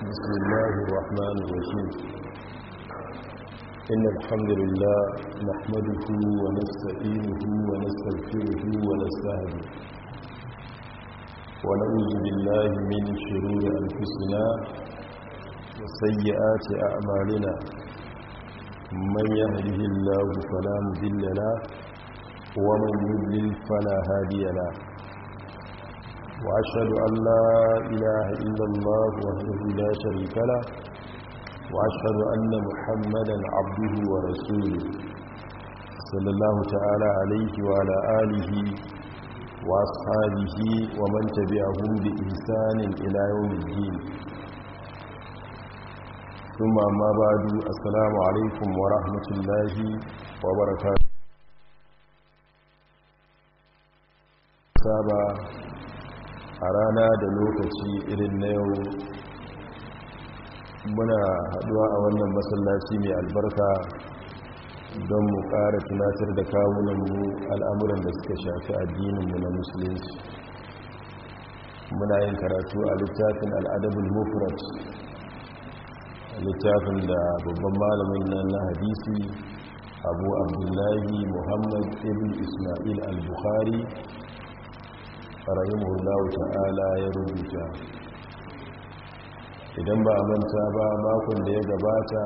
بسم الله الرحمن الرحيم إن الحمد لله نحمده ونستعينه ونستغفره ونستهده ونعوذ بالله من شرور أنفسنا وسيئات أعمالنا من يهده الله فلا مذل له ومن يذلل فلا هادي له وأشهد أن لا إله إلا الله وحده لا شريك له وأشهد أن محمدا عبده ورسوله صلى الله تعالى عليه وعلى آله وأصحابه ومن تبعهم بإحسان إلى يوم الدين ثم ما بعد السلام عليكم ورحمة الله وبركاته saba a rana da lokaci irin na yau muna haduwa a wannan masallaci mai albarka don mu ƙara tunatar da mu al'amuran da suka shafi addininmu na musulunci muna yin karatu a littafin al'adabul mufrat littafin da babban malamin nan na hadisi abu abdullahi muhammad ibn ismail al-bukhari rahimahullahu ta'ala ya rubuta idan ba a manta ba makon da ya gabata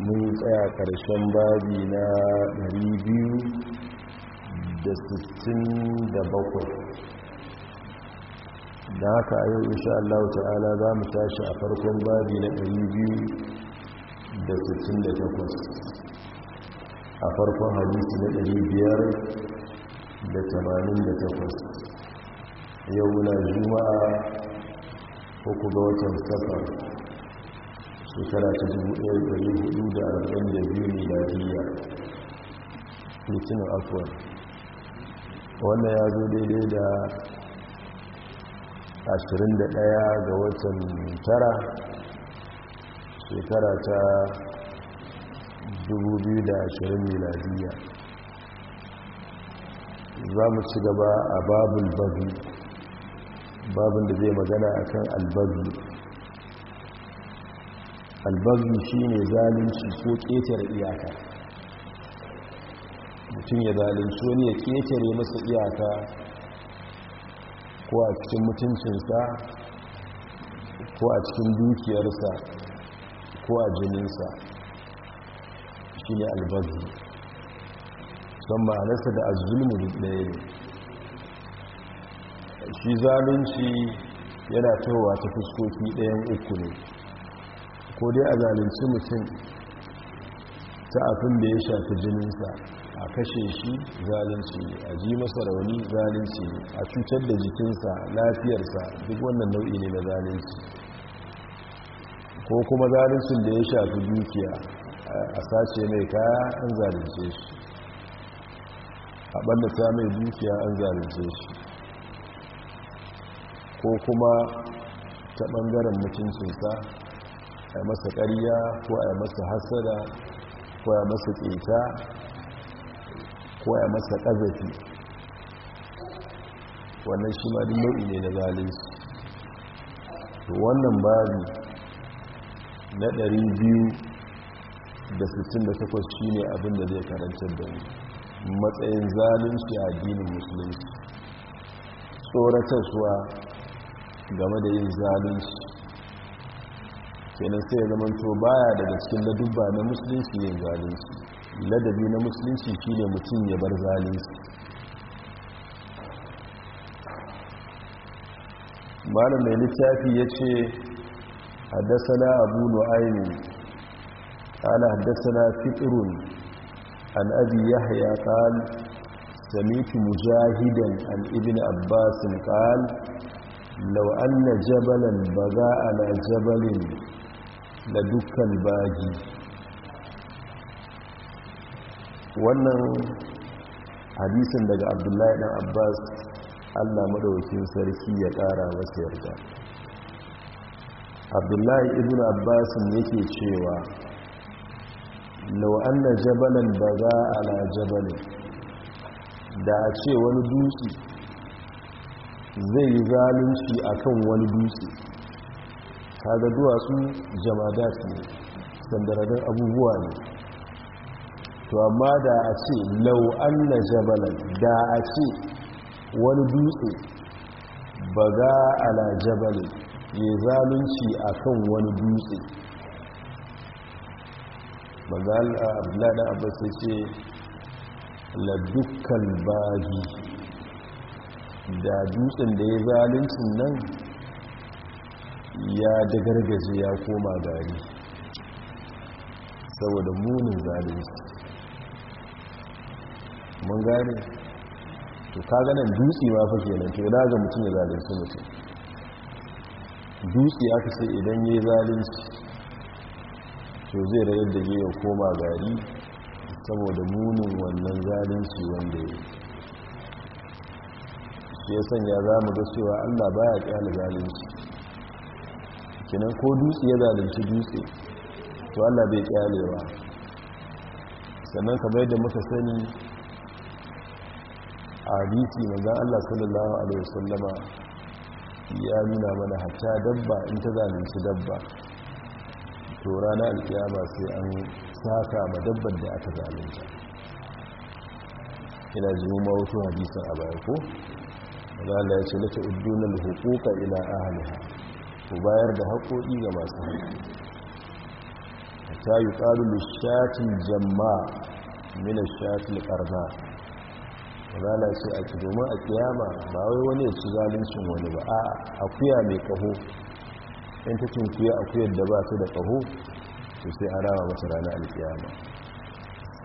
mun tsaya karshen babi na 267 da haka a yau insha Allah ta'ala za mu tashi a farkon babi na 268 a farkon hadisi na da tamanin da takwas yau muna juma'a uku ga watan safar shekara ta dubu ɗaya da da biyu ne 1442 biya, litinin afuwa wanda ya zo daidai da ashirin da ɗaya ga watan tara shekara ta dubu biyu da ashirin miladiya za mu ci gaba a babul babi babin da zai magana a kan albabi albabi shi ne zalunci ko ƙetare iyaka mutum ya zalinci wani ya ƙetare masa iyaka ko a cikin mutuncinsa ko a cikin dukiyarsa ko a jininsa shi ne albabi san ma'anarsa da azulmu da ɗaya ne shi zalunci yana tawowa ta fuskoki ɗayan uku ne ko dai a zalunci mutum ta afin da ya shafi jininsa a kashe shi zalunci ne a ji masa rauni zalunci a cutar da jikinsa lafiyarsa duk wannan nau'i ne na zalunci ko kuma zaluncin da ya shafi dukiya a sace mai kaya an zalunce shi a ta mai dukiya an zalunce shi ko kuma ta ɓangaren mutuncinsa a masa ƙarya ko a masa hasada ko a masa ƙeta ko a masa ƙazafi wannan shi ma nau'i ne na zalunci wannan bari na 268 shi ne abinda zai karantar da mu matsayin zalunci a addinin musulunci tsoratarsuwa game da yin zalunci kenan sai ya zamanto baya daga cikin ladubba na musulunci yin zalunci ladabi na musulunci shine mutum ya bar zalunci malam mai littafi ya ce haddasa na abu nu'aini ana haddasa na fitirun an abi yahya qal sami'tu mujahidan an ibn abbas qal law anna jabalan baga ala jabalin la dukkan baji wannan hadisin daga abdullahi dan abbas allah madaukakin sarki ya kara masa yarda abdullahi ibn abbas yake cewa lau an jabalan ba za a na jabalin da a ce wani dutse zai yi zalunci a kan wani dutse kaga duwatsu jamadat ne sandaradar abubuwa ne to amma da a ce lau an jabalan da a ce wani dutse ba za a na jabalin yi zalunci a kan wani dutse bazal ah, abdullahi dan abbas sai ce la dukkan baji da dutsen da ya zalincin nan ya dagargaje ya koma gari saboda munin zalinci mun gane to ka ganin dutse ma fa nan to da ga mutum ya zalinci mutum dutse aka sai idan ya zalinci to zai rayar da ya koma gari saboda munin wannan zalunci wanda ya yi. ya sanya za mu ga cewa allah baya kyale zalunci kinan ko dutse ya zalunci dutse to allah bai kyalewa sannan kamar yadda muka sani a hadisi manzan allah sallallahu alaihi wasallama ya nuna mana hatta dabba in ta zalunci dabba to rana alkiyama sai an saka ma dabbar da aka zalunta ina jimin wasu hadisun a baya ko zala ya ce lati uddunan hukuka ila ahaliha ku bayar da haƙoƙi ga masu haƙi ta yi ƙalu lishatin jamma mina shatin ƙarna zala ce a domin a kiyama ba wai wani ya ci zaluncin wani ba a akuya mai ƙaho in ta cinkiya akuyar da ba su da ƙaho to sai a rama mata rana alkiyama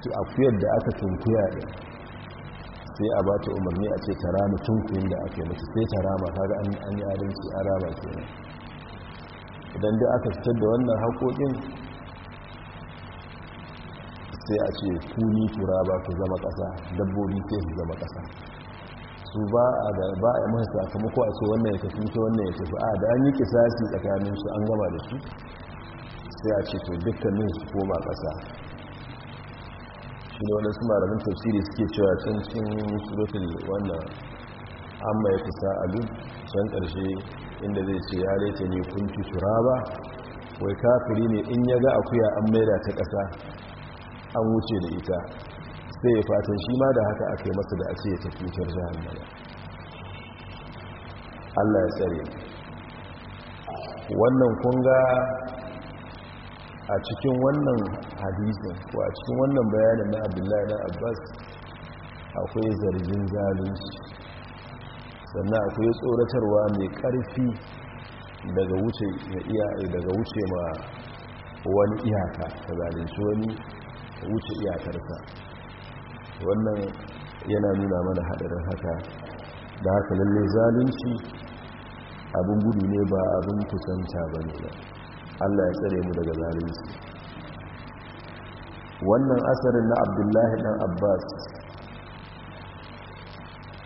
to akuyar da aka cinkiya ɗin sai a ba ta umarni a ce ta rama cinkiyar da aka yi mata sai ta rama ta ga an yi adalci a rama nan, idan dai aka fitar da wannan haƙoƙin sai a ce kuni turaba ku zama ƙasa dabbobi sai su zama ƙasa su ba a da ba a sakamako a ce wannan ya tafi ta wannan ya tafi a da an yi kisasi tsakanin su an gama da su sai a ce to dukkanin su koma ƙasa shi ne wani su malamin tafsiri suke cewa can cikin surutun wannan an mai kusa duk can ƙarshe inda zai ce ya ta ne kunci ba? wai kafiri ne in ya ga akuya an maida ta kasa? an wuce da ita sai ya fatan shi ma da haka a kai masa da a ce ya tafi wutar jahannama Allah ya tsare wannan kunga a cikin wannan hadisin ko a cikin wannan bayanin na abdullahi na abbas akwai zargin zalunci sannan akwai tsoratarwa mai karfi daga wuce daga wuce ma wani iyaka ta zalunci wani wuce iyakarsa wannan yana nuna mana haɗarin haka da haka lalle zalunci abin gudu ne ba abin kusanta ba ne allah ya tsare mu daga zalunci wannan asarin na abdullahi dan abbas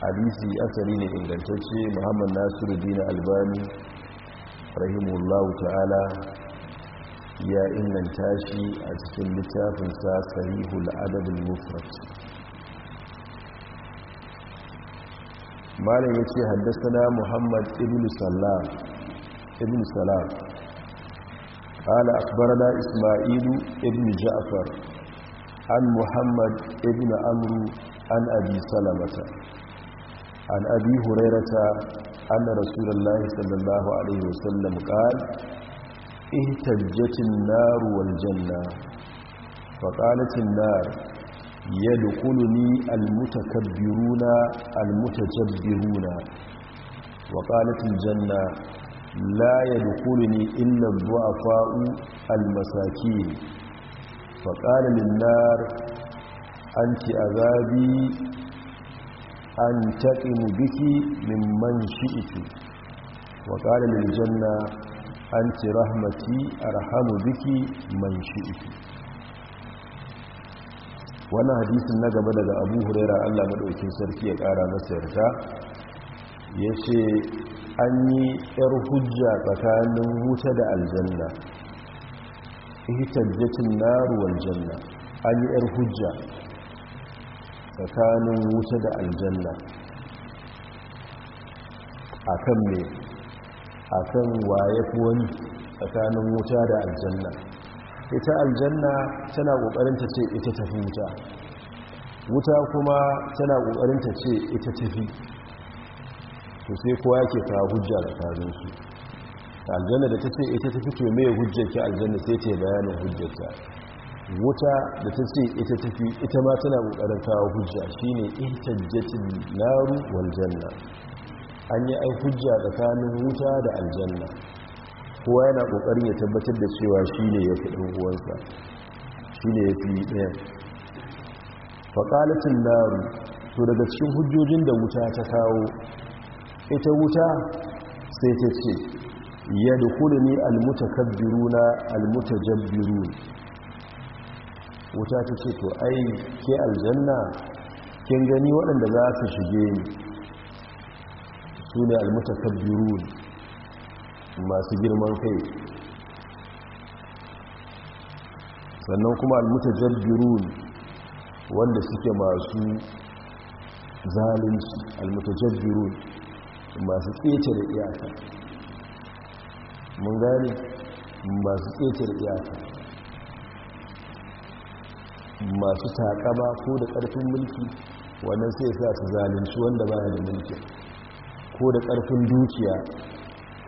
hadisi asari ne ingantacce muhammad nasiru dina albani rahimullahu ta'ala ya inganta shi a cikin littafinsa sahihul adabul mufrad malam ya ce haddasa muhammad ibn salam ibn salam ala akbarana ismailu ibn ja'far an muhammad ibn amru an abi salamata an abi hurairata an Rasulallah sallallahu alaihi wasallam qal ihtajjatin nar wal janna fa qalat an ya dukuluni almutakabbiruna almutajabbiruna wa qalatil janna la yadkhuluni illa ad-du'afa'u al-masakin fa qala lin-nar anti azabi an taqimu biki mimman shi'ti wa qala lil-janna anti rahmati arhamu biki man shi'ti Wani hadisin na gaba daga abu huraira allah maɗaukin sarki ya ƙara masa 'yarta ya ce an yi 'yar hujja tsakanin wuta da aljanna ihtajjatin jikin naruwar janna an yi 'yar hujja tsakanin wuta da aljanna akan a akan waye wani tsakanin wuta da aljanna ita aljanna tana ƙoƙarin ta ce ita tafi wuta wuta kuma tana ƙoƙarin ta ce ita tafi to sai kowa yake ta hujja da karinsu aljanna da ta ce ita tafi to mai ki aljanna sai ta bayanin hujjarta wuta da ta ce ita tafi ita ma tana ƙoƙarin kawo hujja shine ihtajjatin naru wal janna an yi ai hujja tsakanin wuta da aljanna kowa yana ƙoƙarin ya tabbatar da cewa shi ne ya fi ɗan uwansa shi ne ya fi ɗaya. faƙalatin naru to daga cikin hujjojin da wuta ta kawo ita wuta sai ta ce ya dukuli ne almutakabbiru na almutajabbiru wuta ta ce to ai ke aljanna kin gani waɗanda za su shige ni su ne almutakabbiru masu girman kai sannan kuma almutajabbirun wanda suke masu zalunci almutajabbirun masu tsece da iyaka mun gani, masu tsece da iyaka masu ba ko da ƙarfin mulki wannan sai sa su zalunci wanda baya da mulki ko da ƙarfin dukiya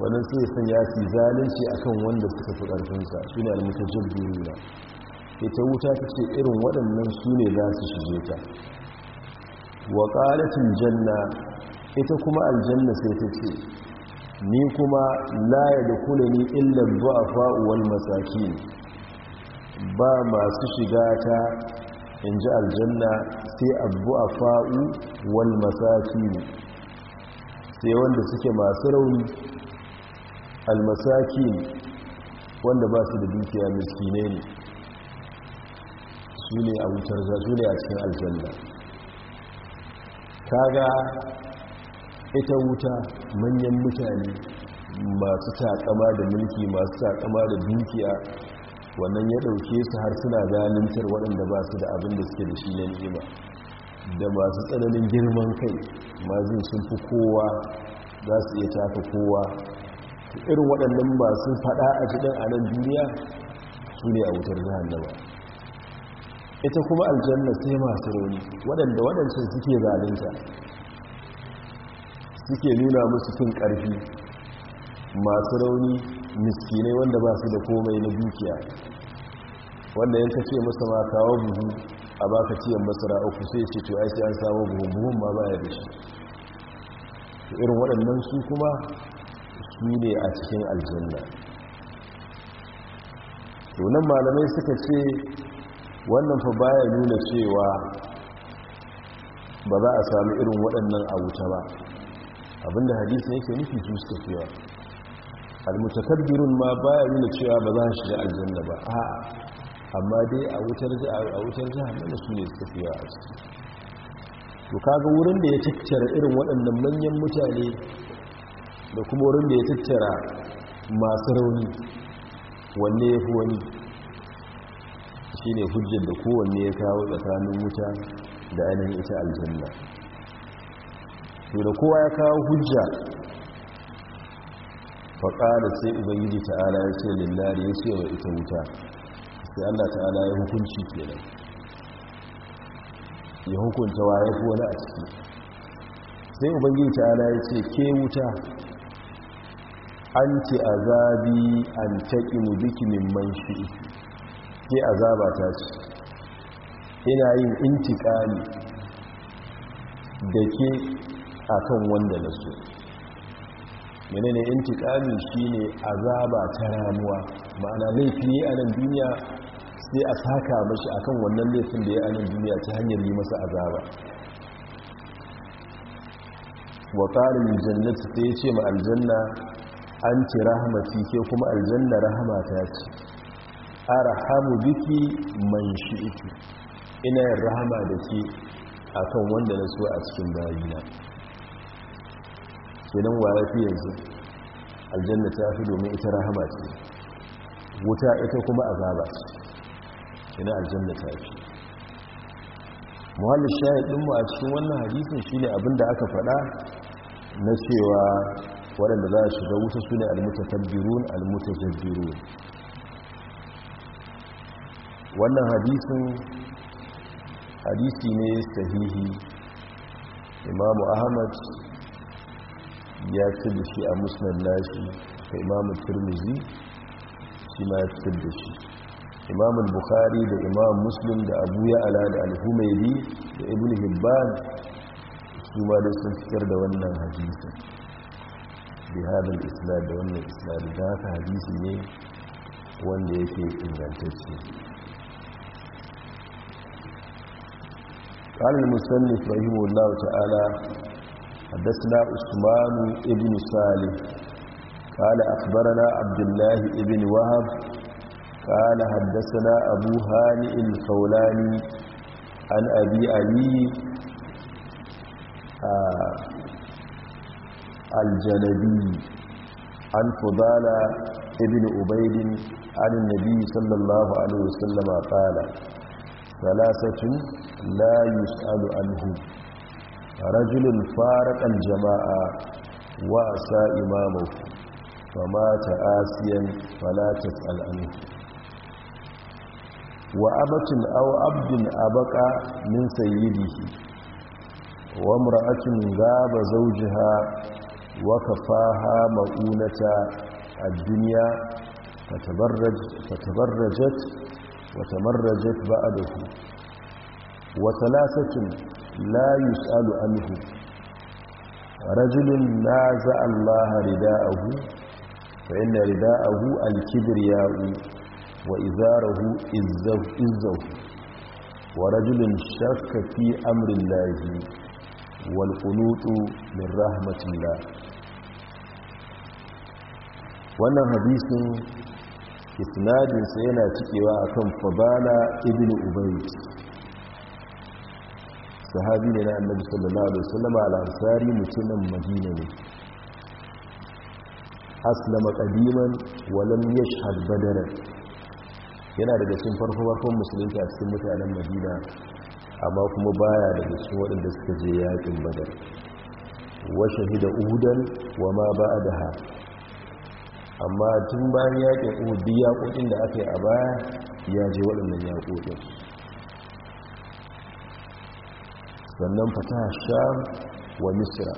wannan sai san ya fi zalunci akan wanda suka fi ƙarfinsa shi ne almutajin duniya ita wuta ta ce irin waɗannan su ne za su shige ta wa ƙalatin janna ita kuma aljanna sai ta ce ni kuma la da kula ni illar zuwa fa'uwal matsaki ba masu shiga ta in ji aljanna sai abu a fa'u wal masaki sai wanda suke masu rauni almasakin wanda ba su da dukiya miskine ne su ne a wutar za su ne a cikin aljanna kaga ita wuta manyan mutane masu takama da mulki masu takama da dukiya wannan ya ɗauke su har suna zalintar waɗanda ba su da abin da suke da shi na ni'ima da masu tsananin girman kai mazin sun fi kowa za su iya taka kowa irin waɗannan masu faɗa a a anan duniya su ne a wutar ba. ita kuma aljanna sai masu rauni waɗanda waɗancan suke zalunta suke nuna musu cin ƙarfi masu rauni miskinai wanda ba su da komai na dukiya wanda yanka ce masa ma kawo buhu a baka ciyan masara uku sai ce to aiki an samu buhun buhun ma ba ya da shi irin waɗannan su kuma shi ne a cikin aljanna donan malamai suka ce wannan fa baya nuna cewa ba za a sami irin waɗannan a wuta ba abinda hadisi yake nufi su suka cewa almutakabbirun ma baya nuna cewa ba za a shiga aljanna ba a amma dai a wutar jihannama su ne suka cewa a ciki to kaga wurin da ya tattara irin waɗannan manyan mutane da kuma wurin da ya tattara masu rauni wanne ya fi wani shi ne hujjar da kowanne ya kawo tsakanin wuta da ainihin ita aljanna to da kowa ya kawo hujja faƙada sai ubangiji ta'ala ya ce lullari ya ce wa ita wuta sai allah ta'ala ya hukunci kenan ya hukunta wa ya fi wani a ciki sai ubangiji ta'ala ya ce ke wuta anti azabi an taqimu biki man shi ke azaba ta ce ina yin intikali da ke akan wanda na so menene intikali shine azaba ta ramuwa ma'ana laifi ne a nan duniya sai a saka mashi akan wannan laifin da ya a nan duniya ta hanyar yi masa azaba wa ƙarin jannati ta ce ma aljanna an ce rahamati ke kuma aljanna rahama ta ce arhamu biki man iki ina yin rahama da ke akan wanda na so a cikin bayina nan waya fi yanzu aljanna ta fi domin ita rahama ce wuta ita kuma azaba ce ina aljanna ta fi muhallin ɗinmu a cikin wannan shi ne abinda aka faɗa na cewa waɗanda za a shiga wuta su ne almutatabbirun almutatabbirun wannan hadisin hadisi ne sahihi imamu ahmad ya cin da shi a musnad nashi da imamu turmizi shi ma ya cin da shi imamu bukhari da Imam muslim da abu ya'ala da alhumaidi da ibn hibban su ma da sun fitar da wannan hadisin bihadar islam da wannan islam da haka hadisi ne wanda yake ingantacce ƙarin musamman ibrahim allah ta'ala haddasa usmanu ibn sali قال أخبرنا Abdullahi الله بن وهب قال حدثنا Abu هانئ الخولاني عن أبي علي aljanabi an fudala ibn ubaidin an nabi sallallahu alaihi wasallama qala salasatun la yus'alu anhu rajulun faraqa aljama'a wa asa imamahu فمات آسيا فلا تسأل عنه وأبة أو عبد أبقى من سيده وامرأة غاب زوجها وكفاها مؤونة الدنيا فتبرج فتبرجت وتمرجت بعده وثلاثة لا يسأل عنه رجل نازع الله رداءه فإن رداءه الكبرياء وإزاره إزه, ورجل شك في أمر الله والقنوط من رحمة الله wannan hadisin isnadinsa yana cikewa akan fabala ibn ubayd sahabi ne na annabi sallallahu alaihi wasallam al-ansari mutumin madina ne aslama qadiman wa lam yashhad badara yana daga cikin farko farkon musulunci a cikin mutanen madina amma kuma baya daga cikin waɗanda suka je yakin badar wa shahida uhudan wa ma ba'daha amma tun bayan yaƙin ƙudi duk yakokin da aka yi a baya ya je waɗannan yakokin sannan fata sham wa misra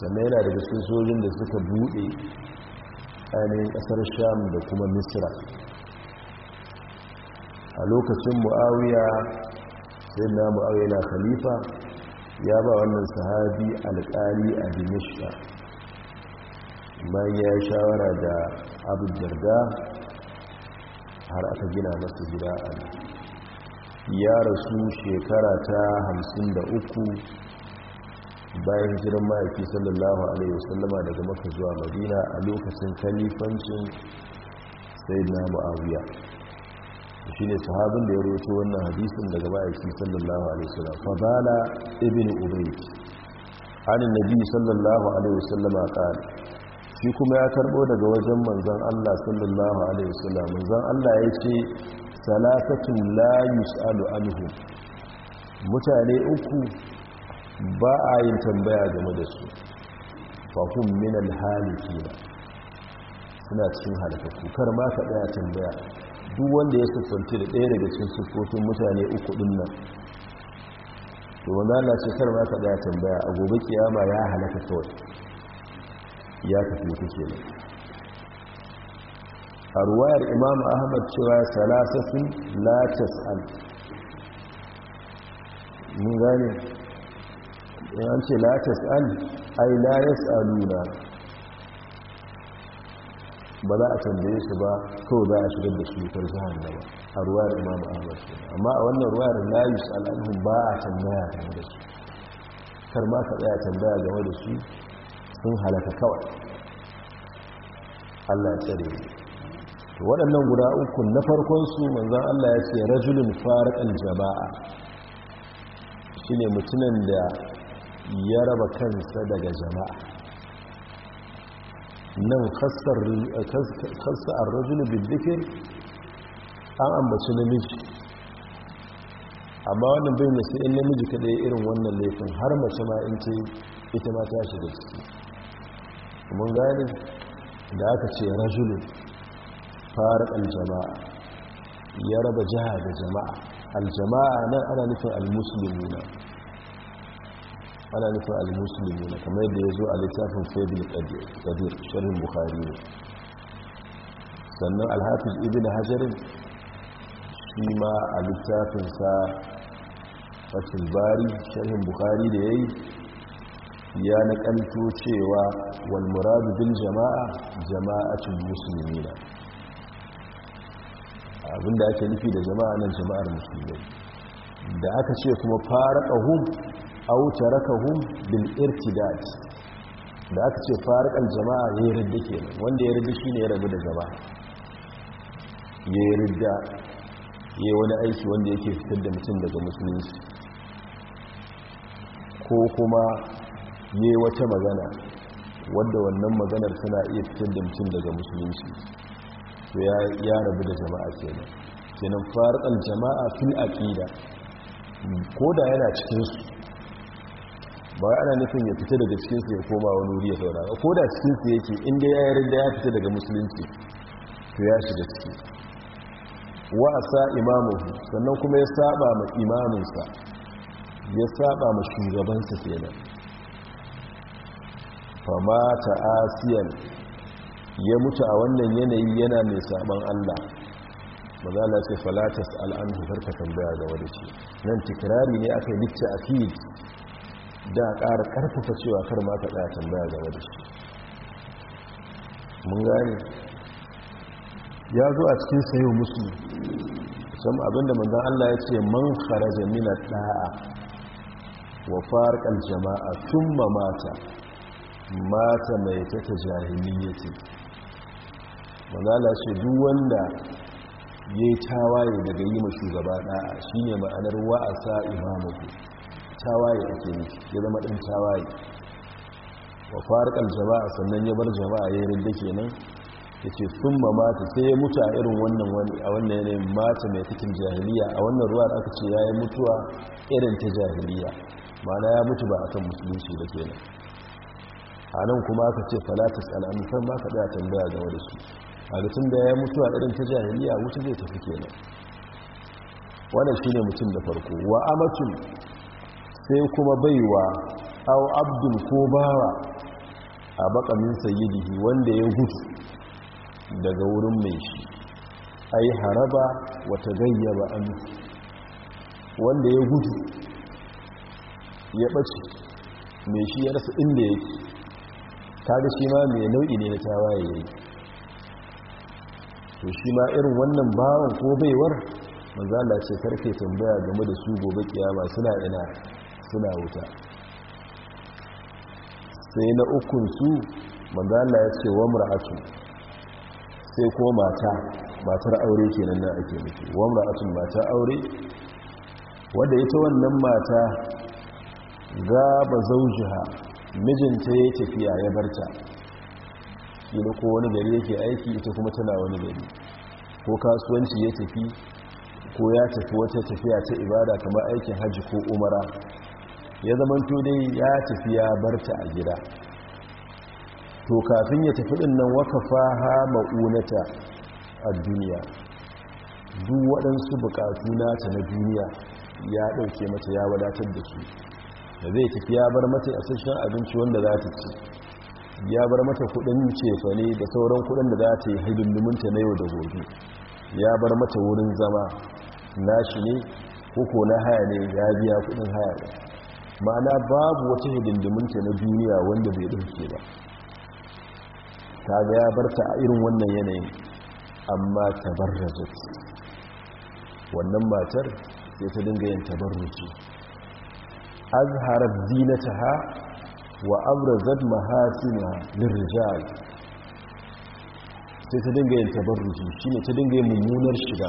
sannan yana daga cikin sojin da suka buɗe ainihin ƙasar sham da kuma misra a lokacin mu'awiya sai na mu'awiya na khalifa ya ba wannan sahabi alƙali a dimishka bayan ya shawara da abin jirga har aka gina masa gida a nan ya rasu shekara ta hamsin da uku bayan jirin ma'aiki sallallahu alaihi wasallama daga maka zuwa madina a lokacin kalifancin sai na ma'awiya shi ne sahabin da ya roto wannan hadisin daga ma'aiki sallallahu alaihi wasallam fadala ibn ubayd an nabi sallallahu alaihi wasallama qala shi kuma ya karbo daga wajen manzan Allah sallallahu alaihi wasallam manzan Allah ya ce salatatun layus yus'alu mutane uku ba a yin tambaya game da su fahim hum min suna cikin halittu kar ma ka daya tambaya duk wanda ya siffanci da ɗaya daga cikin siffofin mutane uku din nan to wanda ana ce kar ma ka daya tambaya a gobe kiyama ya halatta kawai ya tafi ta ke nan a ruwayar imam ahmad cewa salasasin latas an mun gane yan ce latas an ai layas aluna ba za a tambaye su ba kawai za a shigar da su wutar jihar da ba a ruwayar imam ahmad ce amma a wannan ruwayar layus al'adun ba a tambaya game da su kar ma ka tsaya tambaya game da su sun halaka kawai Allah ya tsare to waɗannan guda uku na farkon su manzon Allah ya ce rajulun farqal jama'a shine mutumin da ya raba kansa daga jama'a nan khassar khassa ar-rajul an ambaci namiji amma wannan bai nasu in namiji kaɗai irin wannan laifin har mace ma in ce ita ma ta shiga ciki mun gane da aka ce rajulun fara aljama'a ya raba jiha da jama'a aljama'a nan ana nufin almusulmuna ana nufin almusulmuna kamar da ya zo a littafin faidul qadir shirin bukhari ne sannan alhafiz ibn hajarin shi ma a littafinsa fasil bari shirin bukhari da ya yi ya ƙanto cewa wal jama'a jama'a jama'a na. muslimina abinda ake nufi da jama'a nan jama'ar musulmi. da aka ce kuma faraqahum aw rakahun bin irtidat da aka ce ƙan jama'a ya yarda ke. wanda ya yarda ne ya rabu da jama'a ya yarda ya yi wani aiki wanda yake fitar da mutum daga musulunci ko kuma ne wata magana wadda wannan maganar suna iya fitar da mutum daga musulunci to ya rabu da jama'a kenan nan farqal jama'a fil aƙida, ko da yana cikinsu ba ana nufin ya fita daga cikinsu ya koma wani wuri ya zauna ko da cikinsu yake inda ya yarin da ya fita daga musulunci to ya shiga ciki wa sa imamu sannan kuma ya saba ma imaminsa ya saba ma shugabansa kenan fama ta asiyan ya mutu a wannan yanayi yana mai saban Allah ba za a ce falatas al'anhu karka tambaya ga wadda ce nan tikirari ne aka yi likta a fiye da ƙara ƙarfafa cewa kar ma ka ɗaya tambaya ga da shi mun gane ya zo a cikin sayo musu sam abinda manzan Allah ya ce man kharaja min da'a wa farqal jama'a thumma mata mata mai tata jahiliyyati ya ce duk wanda ya yi tawaye daga yi mashi gaba ɗaya shi ne ma'anar wa'asa imamuku tawaye ake ne ya zama ɗin tawaye wa farkar jama'a sannan ya bar jama'a ya rinda kenan ya ce sun mata sai ya mutu a irin wannan a wannan yanayin mata mai cikin jahiliya a wannan ruwa da aka ce ya yi mutuwa irin ta jahiliya ma'ana ya mutu ba a kan musulunci da kenan a nan kuma aka ce falatis al'amfan ba ka daya tambaya game da su a mutum da ya mutu a irin ta jahiliya wuce zai tafi kenan wannan shi ne mutum da farko wa amatun sai kuma baiwa au abdul ko bawa a bakamin sayyidihi wanda ya gudu daga wurin mai shi ai haraba wata gayyaba an wanda ya gudu ya ɓace mai shi ya rasa inda yake kaga shi ma mai nau'i ne na tawaye ya to shi ma irin wannan bawan ko baiwar manzo Allah ce karfe tambaya game da su gobe kiyama suna ina suna wuta sai na ukun su manzo Allah ya ce wa mar'atu sai ko mata matar aure kenan nan ake nufi wa mar'atun matar aure wanda ita wannan mata gaba zaujiha mijinta ya tafiya ya barta yana ko wani gari yake aiki ita kuma tana wani gari ko kasuwanci ya tafi ko ya tafi wata tafiya ta ibada kamar aikin hajji ko umara ya zama dai ya tafi ya barta a gida to kafin ya tafi din nan wakafa ha ma'unata a duniya duk waɗansu buƙatu nata na duniya ya ɗauke mata ya wadatar da su da zai tafi ya bar mata isasshen abinci wanda za ta ci ya bar mata kudin ne da sauran kudin da za ta yi hidindiminta na yau da gobe ya bar mata wurin zama nashi ne ko ko na haya ne ya biya kudin haya ne ma'ana babu wata hidindiminta na duniya wanda bai ɗauke ba ta ga ya bar ta a irin wannan yanayin amma da zuci wannan matar sai ta dinga yin zuci azharar zinataha wa abrazat mahasina lirrijal sai ta dinga yin shi ne ta dinga yin mummunar shiga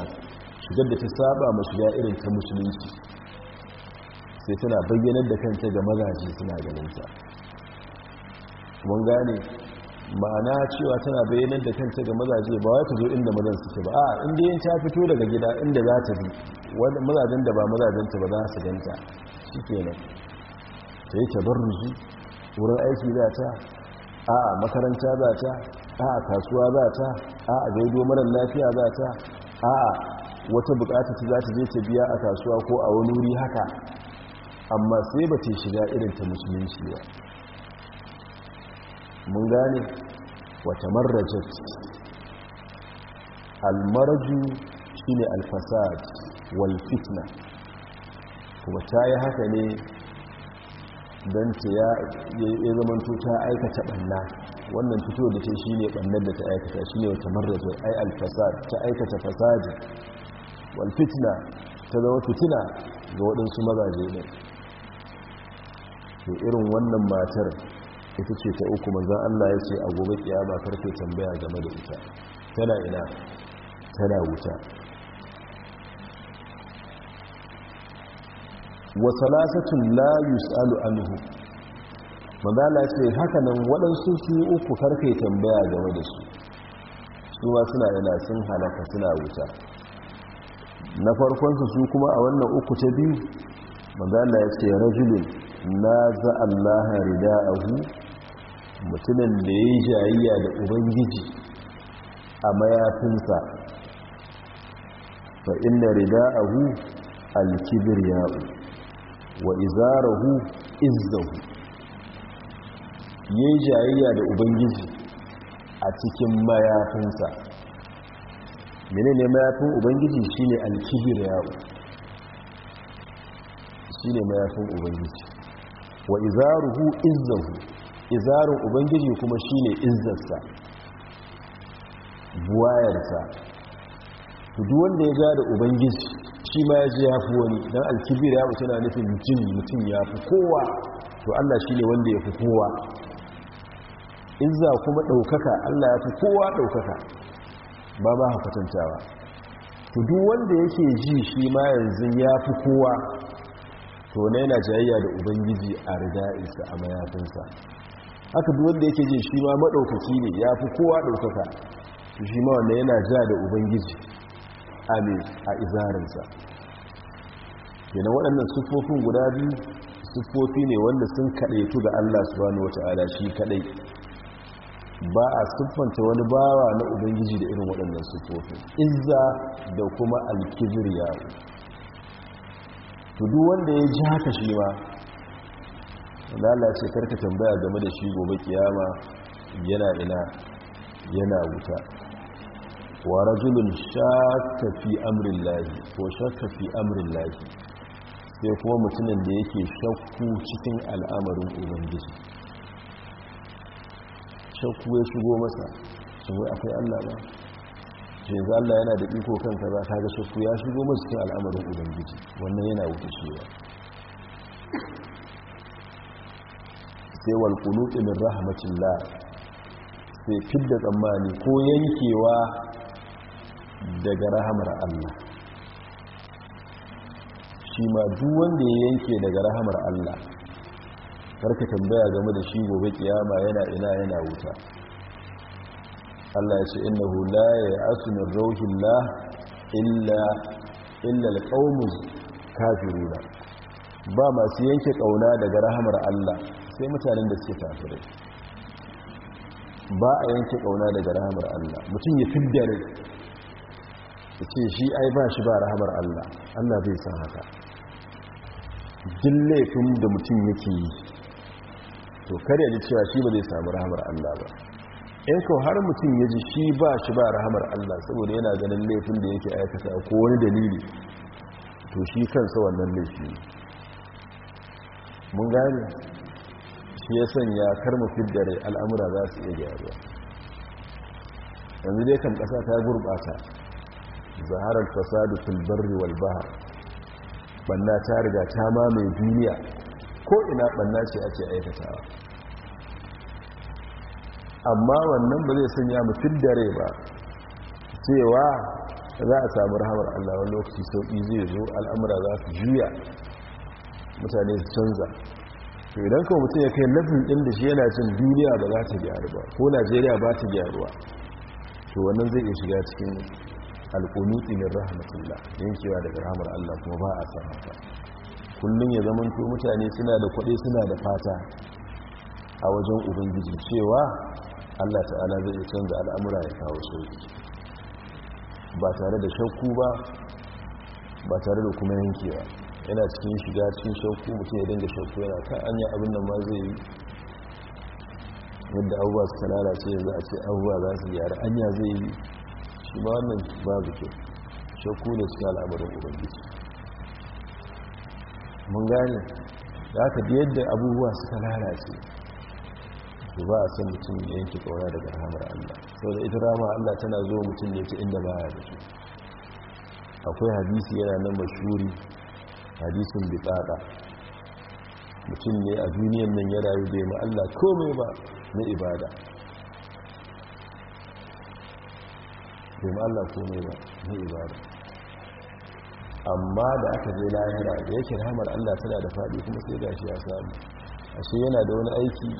shigar da ta saba ma shiga irin ta musulunci sai tana bayyanar da kanta ga mazaje suna ganinta mun gane ma'ana cewa tana bayyanar da kanta ga mazaje ba wa ta zo inda mazan suke ba a inda yin ta fito daga gida inda za ta bi mazajen da ba mazajen ta ba za su ganta shi kenan ta yi tabarruki wurin aiki za ta a a makaranta za ta a kasuwa za ta a a gaido marar lafiya za ta a wata bukata ta za ta je ta biya a kasuwa ko a wani wuri haka amma sai ba ta shiga irin ta musulunci ba mun gane wata marrajat almaraju shi shine alfasad wal fitna kuma ta yi haka ne don ta ya zamanto ta aikata ɓanna wannan fito da ce shi ne ɓannar da ta aikata shi ne wata marrata ai alfasad ta aikata fasadi wal ta zama fitina ga waɗansu mazaje ne to irin wannan matar ita ce ta uku manzan Allah ya ce a gobe kiyama karfe tambaya game da ita tana ina tana wuta wa layus la yus'alu anhu ce haka nan waɗansu su uku karfe tambaya game da su su ma suna yana sun halaka suna wuta na farkonsu su kuma a wannan uku ta biyu mazala ce rajulun na za Allah rida'ahu mutumin da ya yi jayayya da ubangiji a mayafinsa fa inna rida'ahu alkibir ya'u wa izarahu izzahu yayi jayayya da ubangiji a cikin mayafinsa menene mayafin ubangiji shine alkibir yawo shine mayafin ubangiji wa izaruhu izzahu izarun ubangiji kuma shine izzarsa buwayarsa duk wanda ya ga da ubangiji shi ma ya ji ya fi wani don alkibir ya wuce na nufin jin mutum ya fi kowa to allah shi ne wanda ya fi kowa izza kuma ɗaukaka allah ya fi kowa ɗaukaka ba ba haka tantawa to duk wanda yake ji shi ma yanzu ya fi kowa to na yana jayayya da ubangiji a rigaisa a mayafinsa haka duk wanda yake ji shi ma maɗaukaki ne ya fi kowa ɗaukaka shi ma wanda yana ja da ubangiji a ne a izarinsa yana waɗannan siffofin guda biyu siffofi ne wanda sun kaɗaitu ga Allah subhanahu wata'ala shi kaɗai ba a siffanta wani bawa na ubangiji da irin waɗannan siffofin izza da kuma alkibiriya tudu duk wanda ya ji haka shi ma lalace karka tambaya game da shi gobe kiyama yana ina yana wuta wa rajulun shakka fi amrin lahi ko shakka fi amrin lahi sai kuma mutumin da yake shakku cikin al'amarin ubangiji shakku ya shigo masa shigo akwai allah ba shi za allah yana da iko kanka ba ta ga shakku ya shigo masa cikin al'amarin ubangiji wannan yana wuce cewa sai walƙunuɗi min la sai fidda tsammani ko yankewa daga rahamar allah shi ma duk wanda ya yanke daga rahamar Allah karka tambaya game da shi gobe kiyama yana ina yana wuta Allah ya ce innahu la ya'asu min rauhillah illa illa alqaumu kafiruna ba masu yanke kauna daga rahamar Allah sai mutanen da suke kafirai ba a yanke kauna daga rahamar Allah mutum ya fidda rai ya ce shi ai ba shi ba rahamar Allah Allah bai san haka duk laifin da mutum yake yi to kar ya cewa shi ba zai samu rahamar Allah ba in ko har mutum ya ji shi ba shi ba rahamar Allah saboda yana ganin laifin da yake aikata ko wani dalili to shi kansa wannan laifi mun gane shi ya sanya kar mu fiddare al'amura za su iya gyaruwa yanzu dai kan ƙasa ta gurbata, zaharar fasadu fil barri wal bahr banna ta riga ta mamaye duniya ko ina banna ce ake aikatawa amma wannan ba zai sanya mutum dare ba cewa za a samu rahamar Allah wani lokaci sauƙi zai zo al'amura za su juya mutane su canza to idan kuma mutum ya kai lafin ɗin da shi yana cin duniya ba za ta gyaru ba ko najeriya ba ta gyaruwa to wannan zai iya shiga cikin alƙunuti min rahmatullah cewa daga rahmar Allah kuma ba a san kullum ya zamanto mutane suna da kwaɗe suna da fata a wajen ubangiji cewa Allah ta'ala zai canza al'amura ya kawo sauki ba tare da shakku ba ba tare da kuma yankewa yana cikin shiga cikin shakku mutum ya dinga shakku yana kan yi abin nan ma zai yi yadda abubuwa suka lalace yanzu a ce abubuwa za su gyara anya zai yi kuma wannan babu ke shakku ne cikin al'amarin ubangiji mun gane da aka biya da abubuwa suka lalace su ba a san mutum ya yanke tsora daga ramar allah sau da ita rama allah tana zo mutum da yake inda baya da su akwai hadisi yana nan mashuri hadisun bitsada mutum ne a duniyan nan ya rayu bai ma allah komai ba na ibada bai Allah Allah komai ba na ibada amma da aka je lahira da yake rahamar Allah tana da faɗi kuma sai gashi ya samu ashe yana da wani aiki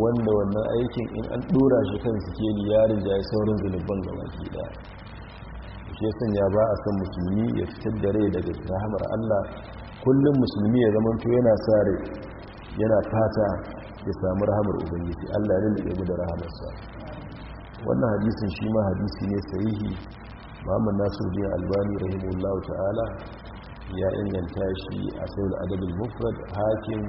wanda wannan aikin in an dora shi kan ni ya rinjaye saurin zunuban gaba ki daya shi ya ba a san musulmi ya fitar da rai daga rahamar Allah kullum musulmi ya zama to yana sa rai yana fata ya samu rahamar ubangiji Allah ya rinda da rahamarsa wannan hadisin shi ma hadisi ne sahihi muhammad nasiruddin albani rahimahullahu ta'ala ya inganta shi a sayar adabin mufrad hakim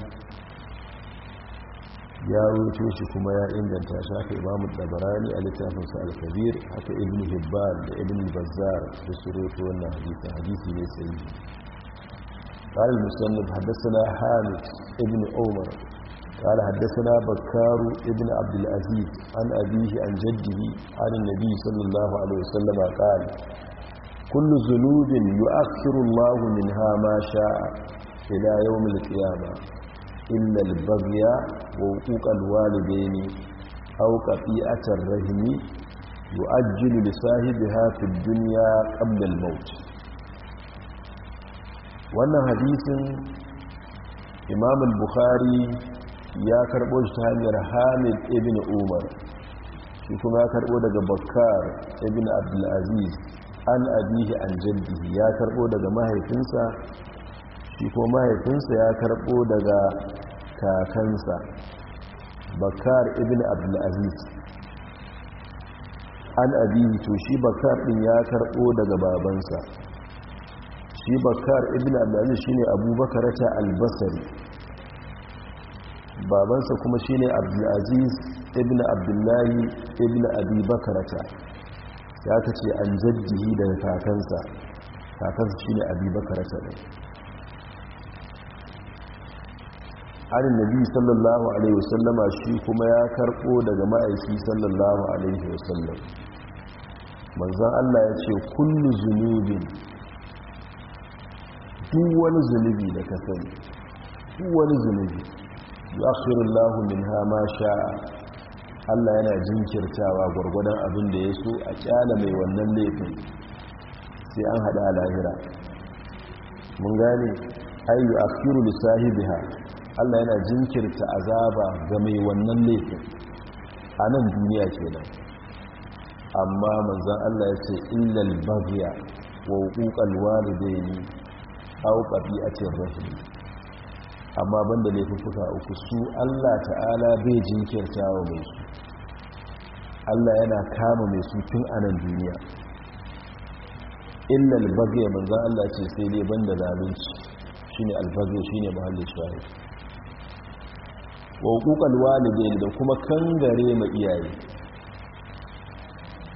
ya rufe shi kuma ya inganta shi haka imamu tabarani a littafinsa alkabir haka ibn hibban da ibn bazzar da su rufe wannan hadisin hadisi ne sahihi قال المسند حدثنا حامد ابن عمر قال حدثنا بكار ابن عبد العزيز عن أبيه عن جده عن النبي صلى الله عليه وسلم قال كل ذنوب يؤخر الله منها ما شاء إلى يوم القيامة إلا البغي ووقوق الوالدين أو قطيئة الرهن يؤجل لصاحبها في الدنيا قبل الموت wannan hadisin imam al-bukhari ya karbo shi ta hanyar hamid ibn umar shi kuma ya karbo daga bakar ibn abdulaziz an abihi an jaddihi ya karbo daga mahaifinsa shi kuma mahaifinsa ya karbo daga kakansa bakar ibn abdulaziz an abihi to shi bakar din ya karbo daga babansa shi bakar ibn abdulaziz shine abubakar ta albasari babansa kuma shi ne abdulaziz ibn abdullahi ibn abi bakarata ya ta ce an jaddihi daga kakansa kakansa shi ne bakarata ne anin nabi sallallahu alaihi wasallama shi kuma ya karbo daga ma'aiki sallallahu alaihi wasallam manzan allah ya ce kullu zunubin duk wani zunubi da ka sani duk wani zunubi yu'akhirullahu minha ma sha'a Allah yana jinkirtawa gwargwadon abin da ya so a kyala mai wannan laifin sai an hada lahira mun gane ay yu'akhiru li sahibiha Allah yana jinkirta azaba ga mai wannan laifin a nan duniya kenan amma manzon Allah ya ce illal baghiya wa uqal walidaini aw qabi'atir rahim amma ban banda laifuffuka uku su Allah ta'ala bai jinkirta wa mai su Allah yana kama mai su tun a nan duniya illa albagya manzo Allah ce sai dai banda zalunci shine albagya shine mahallin shahid wa hukukan walidain da kuma kangare ma iyaye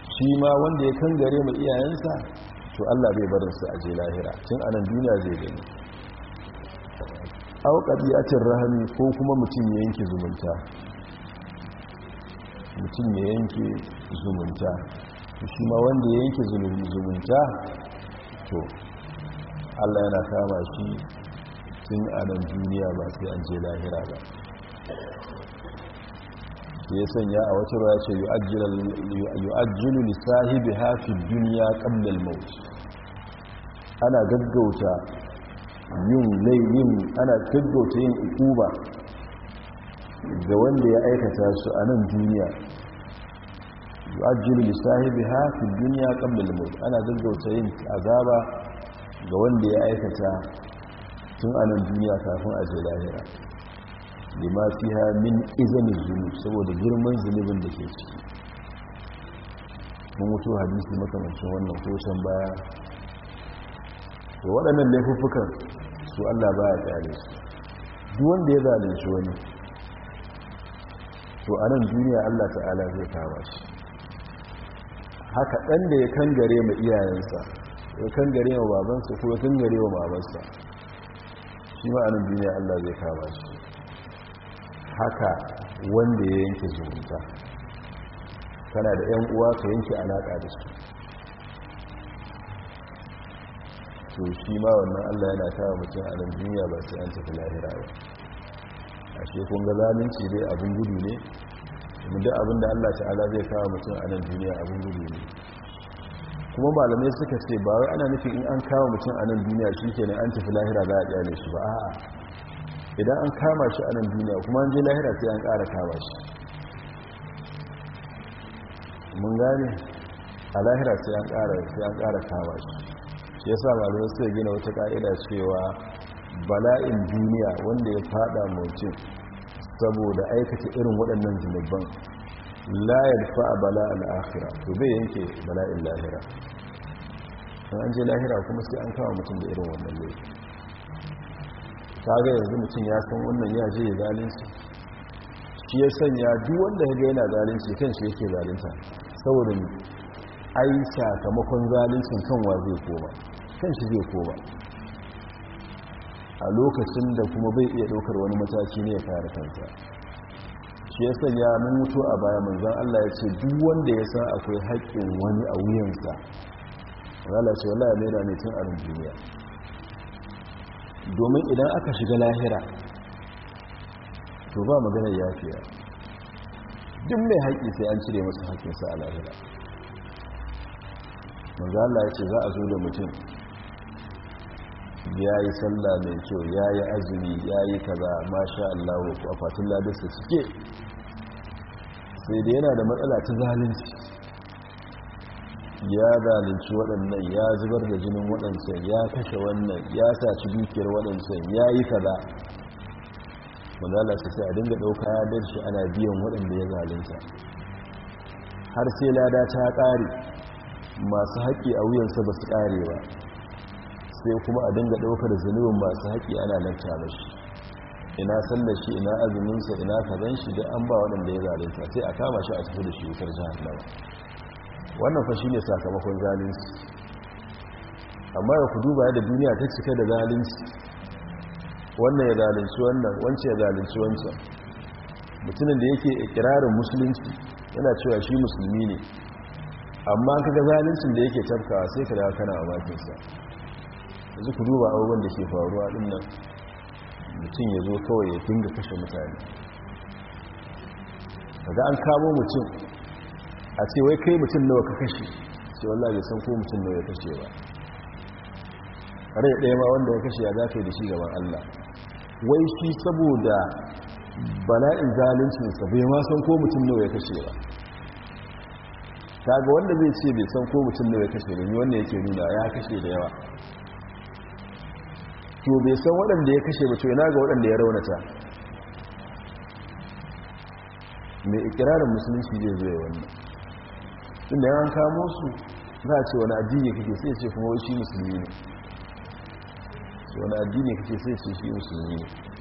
shi ma wanda ya kangare ma iyayensa to Allah bai barinsa a je lahira tun a nan duniya zai gani auƙaɗiyatin rahami ko kuma mutum ya yanke zumunta mutum ya yanke zumunta shi ma wanda ya yanke zumunta to allah yana kama shi tun a duniya ba sai an je lahira ba ya sanya a wata ruwa ce yu'ajjilu lisahibi hafi duniya ƙamdal mawuce ana gaggauta yin laifin ana gaggauta yin ikuba ga wanda ya aikata su a nan duniya yu'ajjilu li sahibiha fi duniya qabla al ana gaggauta yin azaba ga wanda ya aikata tun a nan duniya kafin a ji lahira fi ha min izinin zunu saboda girman zunubin da ke ciki mun mutu hadisi makamancin wannan ko baya to waɗannan laifuffukan su Allah ba ya kyale su duk wanda ya zalunci wani to a nan duniya Allah ta'ala zai kama shi haka ɗan da ya kangare ma iyayensa ya kangare ma babansa ko ya kangare ma babansa shi ma a nan duniya Allah zai kama shi haka wanda ya yanke zumunta kana da 'yan uwa ka yanke alaƙa da su So shi ma wannan Allah yana kawo mutum a duniya ba sai an tafi lahira ba a shekun ga zalunci dai abin gudu ne duk abin da Allah ta'ala zai kawo mutum a nan duniya abin gudu ne kuma malamai suka ce ba wai ana nufin in an kawo mutum a nan duniya shi kenan an tafi lahira za a kyale shi ba a'a idan an kama shi a nan duniya kuma an je lahira sai an ƙara kama shi mun gane a lahira sai an ƙara kama shi shi yasa malamai suka gina wata ka'ida cewa bala'in duniya wanda ya fada mace saboda aikata irin waɗannan zunuban la a bala al to bai yanke bala'in lahira to an je lahira kuma sai an kama mutum da irin wannan laifi ga yanzu mutum ya san wannan ya je ya zalinsu shi ya sanya duk wanda ya ga yana zalunci kan shi yake zalunta saboda ai sakamakon zalinsu kan wa zai koma Kanshi shi zai kowa. a lokacin da kuma bai iya ɗaukar wani mataki ne ya kare kansa shi ya sanya mun mutu a baya manzan Allah ya ce duk wanda ya san akwai haƙƙin wani a wuyansa wala ce wala ya maida mai tun arin duniya domin idan aka shiga lahira to ba magana maganar yafiya duk mai haƙƙi sai an cire masa haƙƙinsa a lahira manzan Allah ya ce za a zo da mutum ya yi sallah mai kyau ya yi azumi ya yi kaza masha Allah ko akwatin ladarsa suke sai da yana da matsala ta zalinci ya zalunci waɗannan ya zubar da jinin waɗansan ya kashe wannan ya saci dukiyar waɗansan ya yi kaza manzala su sai a dinga ɗauka ya dar shi ana biyan waɗanda ya zalunta har sai lada ta ƙare masu haƙƙi a wuyansa ba su ƙare ba sai kuma a dinga ɗaukar zunubin masu haƙi ana lanta shi ina sallar shi ina azuminsa ina kazan shi da an ba waɗanda ya zalunta sai a kama shi a tafi da shi wutar Nawa? wannan fashi ne sakamakon zalunci amma ya ku duba yadda duniya ta cika da zalunci wannan ya zalunci wannan wancan ya zalunci wancan mutumin da yake ikirarin musulunci yana cewa shi musulmi ne amma kaga zaluncin da yake tabkawa, sai ka da kana a bakinsa yanzu ku duba abubuwan da ke faruwa ɗin nan mutum ya zo kawai ya dinga kashe mutane daga an kamo mutum a ce wai kai mutum nawa ka kashe ce wallah bai san ko mutum nawa ya kashe ba rai ɗaya ma wanda ya kashe ya zafe da shi gaban allah wai shi saboda bala'in zaluncinsa bai ma san ko mutum nawa ya kashe ba ta ga wanda zai ce bai san ko mutum nawa ya kashe ni, wanda yake nuna ya kashe da yawa to bai san waɗanda ya kashe ba to yana ga waɗanda ya raunata mai ikirarin musulunci zai zo wannan inda ya kamo su za a ce wani addini kake sai ce kuma shi musulmi ne wani addini kake sai ce shi musulmi ne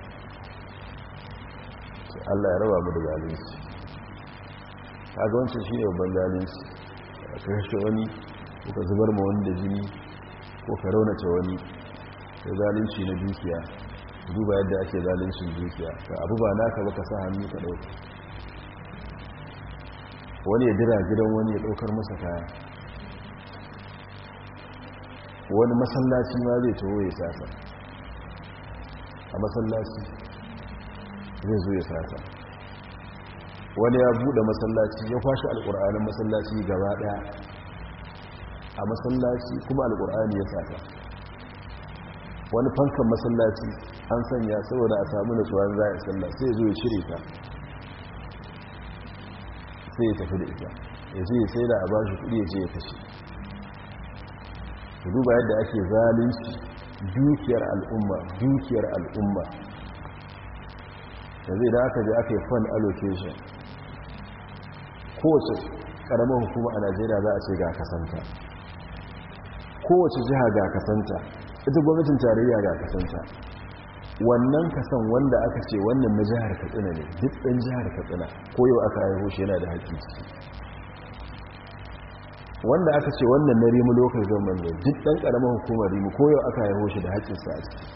Allah ya raba mu da zalunci kaga wancan shi ne babban zalunci a kashe wani ko ka zubar ma wani da jini ko ka raunata wani da zalunci na dukiya duba yadda ake zaluncin dukiya ka abu ba naka ba ka sa hannu ka ɗauka wani ya jira gidan wani ya ɗaukar masa kaya wani masallaci ma zai taho ya sasa, a masallaci zai zo ya sasa. wani ya bude masallaci ya kwashe alkur'anin masallaci gaba ɗaya a masallaci kuma alƙur'ani ya sasa. wani fankan masallaci an sanya saboda a samu nutsuwa za a sallah sai zo ya cire ta sai ya tafi da ita ya zo ya sai da a ba shi kudi ya ce ya tashi ku duba yadda ake zalunci dukiyar al'umma dukiyar al'umma da zai da aka ji aka yi fund allocation kowace karamar hukuma a najeriya za a ce ga kasanta kowace jiha ga kasanta ita gwamnatin tarayya ga kasanta wannan kasan wanda aka ce wannan na jihar katsina ne duk ɗan jihar katsina ko yau aka haihu shi yana da haƙƙi wanda aka ce wannan na rimu lokacin zaman ne duk ɗan ƙaramin hukumar rimu ko yau aka haihu shi da haƙƙinsa a ciki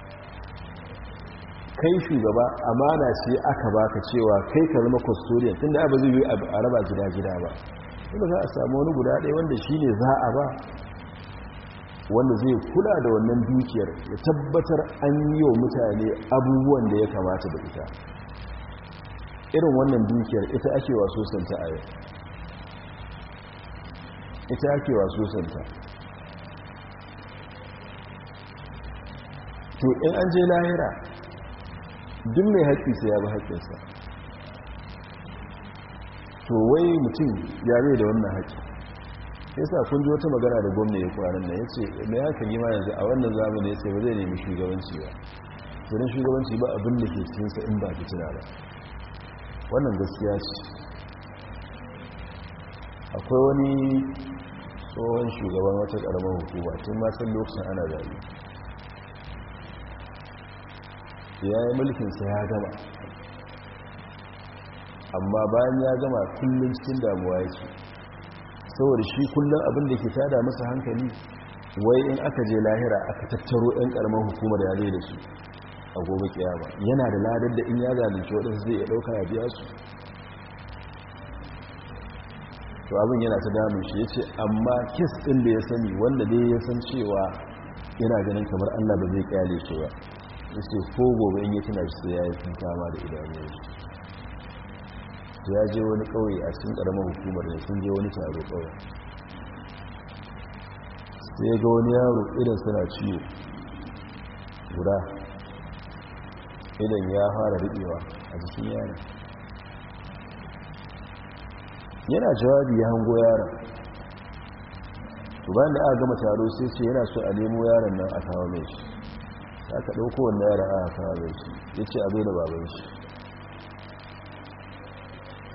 kai shugaba amana ce aka baka cewa kai ka zama custodian tunda abu zai yi a raba gida-gida ba inda za a samu wani guda ɗaya wanda shi ne za a ba wanda zai kula da wannan dukiyar ya tabbatar an yi wa mutane abubuwan da ya kamata da ita irin wannan dukiyar ita ake waso santa a yau ita ake waso santa to in an je lahira duk mai haƙƙi sai ya bi haƙƙinsa to wai mutum ya bai da wannan haƙƙi yasa kun ji wata magana da gwamna ya kwanan nan ya ce mai haka ma yanzu a wannan zamani ya ce ba zai nemi shugabanci ba tunan shugabanci ba abin da ke cikin sa in ba fitina ba wannan gaskiya ce akwai wani tsohon shugaban wata karamar hukuma tun san lokacin ana zaɓe ya yi mulkin sa ya gama amma bayan ya gama kullum cikin damuwa yake saboda shi kullum abin da ke tada masa hankali wai in aka je lahira aka tattaro 'yan karamar hukumar ya zai da su a gobe kiyama yana da ladar da in ya zalunci waɗansu zai ya ɗauka ya biya su to abin yana ta damun shi ya ce amma kis ɗin da ya sani wanda dai ya san cewa yana ganin kamar allah ba zai kyale shi ba ya ce ko gobe in ya tuna shi sai ya yi sun kama da idanun shi ya je wani kawai a cikin karamar hukumar da sun je wani taro kawai sai ga wani yaro idan suna ciwo guda idan ya fara riɓewa a jikin yaron yana jawabi ya hango yaron tuban da aka gama taro sai ce yana so a nemo yaron nan a kawo mai shi ka ɗauko wannan yaron a kawo mai shi ya ce a da baban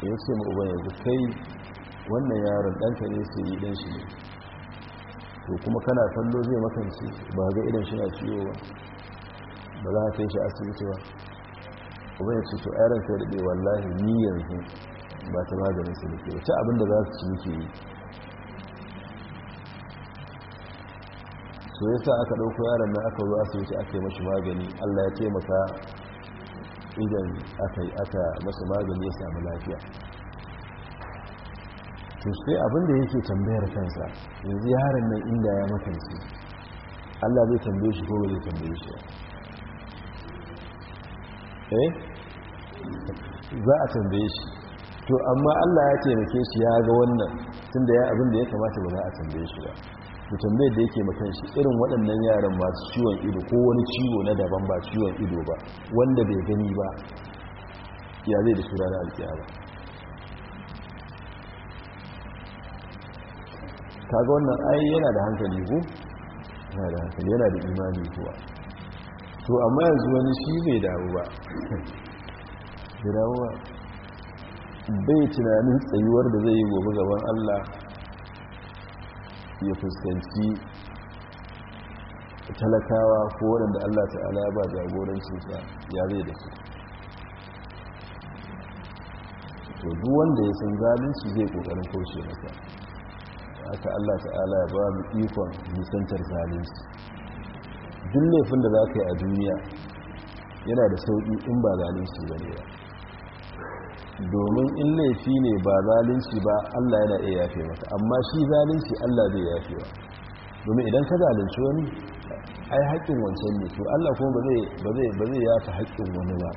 ya ce ma uban kai wannan yaron ɗanka ne sai yi ɗanshi shi ne to kuma kana kallo zai makanci ba ga idan shi na ciwo ba ba za ka kai shi asibiti ba ya ce to yaron da daɗe wallahi ni yanzu ba ta maganin su nake wace abin da za su ci muke yi to yasa aka ɗauko yaron nan aka zo asibiti aka yi mashi magani allah ya taimaka idan aka aka masa magani ya samu lafiya to sai yake tambayar kansa yanzu yaron nan inda ya makance Allah zai tambaye shi ko ba zai tambaye shi eh za a tambaye shi to amma Allah ya taimake shi ya ga wannan tunda ya abinda ya kamata ba za a tambaye shi ba da tambayar da yake makanshi irin waɗannan yaran masu ciwon ido ko wani ciwo na daban ba ciwon ido ba wanda bai gani ba ya zai da surana ta ga wannan ayi yana da hankali ko yana da hankali yana da imani kuwa to amma yanzu wani shi bai dawo ba bai dawo ba bai tunanin tsayuwar da zai yi gobe gaban allah ya fuskanci talakawa ko waɗanda allah ta'ala ba jagorancinsa ya zai da su to duk wanda ya san zalunci zai ƙoƙarin kaushe masa aka allah ta'ala ya ba mu ikon nisantar zalunci duk laifin da za ka yi a duniya yana da sauƙi in ba zalunci ba ne ba domin in laifi ne ba zalunci ba Allah yana iya yafe mata amma shi zalunci Allah zai yafe wa domin idan ka zalunci wani ai haƙƙin wancan ne to Allah kuma ba zai yafe haƙƙin wani ba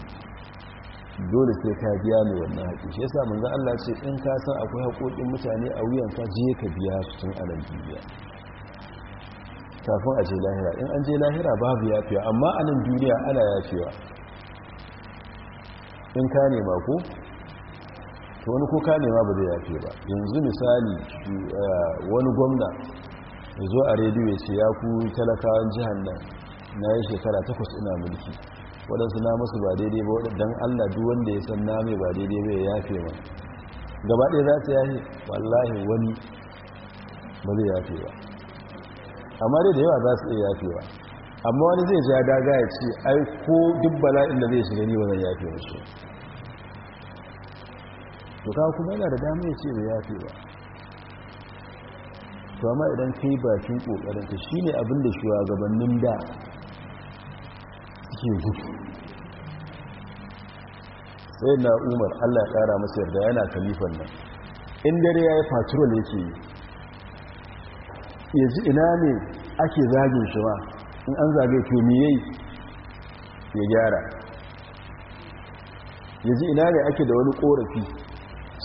dole sai ka biya ne wannan haƙƙi shi yasa manzo Allah ce in ka san akwai haƙoƙin mutane a wuyan ka je ka biya su tun a duniya kafin a je lahira in an je lahira babu yafiya amma a nan duniya ana yafewa. in ka ba ko to wani ko ma ba zai yafe ba yanzu misali eh, wani gwamna ya zo a rediyo ya ce ya ku talakawan jihar nan na yi shekara takwas ina mulki waɗansu na masu ba daidai ba waɗannan allah duk wanda ya san na mai ba daidai ba ya yafe ba gaba ɗaya za ta yafe wallahi wani ba zai yafe ba amma dai da yawa za su iya yafewa amma wani zai ja daga ya ce ai ko duk bala'in da zai shiga ni ba zan yafe musu to kuma yana da damar ya ce bai yafe ba to amma idan yi bakin kokarinka shi ne abin da gabanin da suke gudu sai na umar allah ya kara masu yarda yana kalifan nan in dare ya yi ya yake yi ji ina ne ake zagin shi ma in an zage to me ya gyara yanzu ina ne ake da wani korafi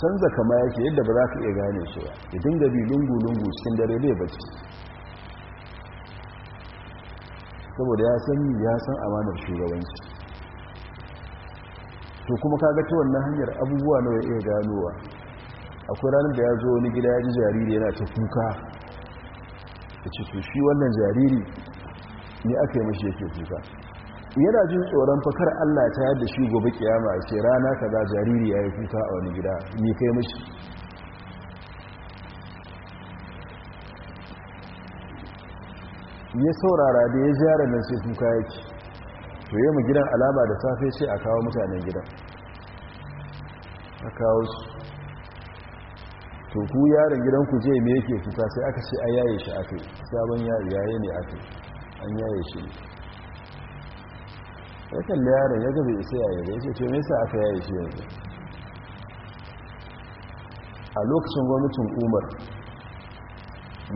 canza kama yake yadda ba za ka iya gane shi ba da dinga bi lungu-lungu cikin dare bai bacci saboda ya san ya san amanar shugabanci to kuma ka ta wannan hanyar abubuwa na ya iya ganowa akwai ranar da ya zo wani gida ya ji jariri yana ta kuka da ce shi wannan jariri ne aka yi mashi yake kuka yana jin tsoron fakar Allah ta yadda shi gobe kiyama ce rana kaza jariri ya yi kuka a wani gida ni kai mashi ya saurara da ya jara nan sai kuka yake to yi mu gidan alama da safe sai a kawo mutanen gidan a kawo su to ku yaron gidan ku je me yake fita sai aka ce a yaye shi ake sabon yaye ne ake an yaye shi ne ya kalli yaron ya gabe isa yaya da yake ce nesa aka yaya shi yanzu a lokacin gwamnatin umar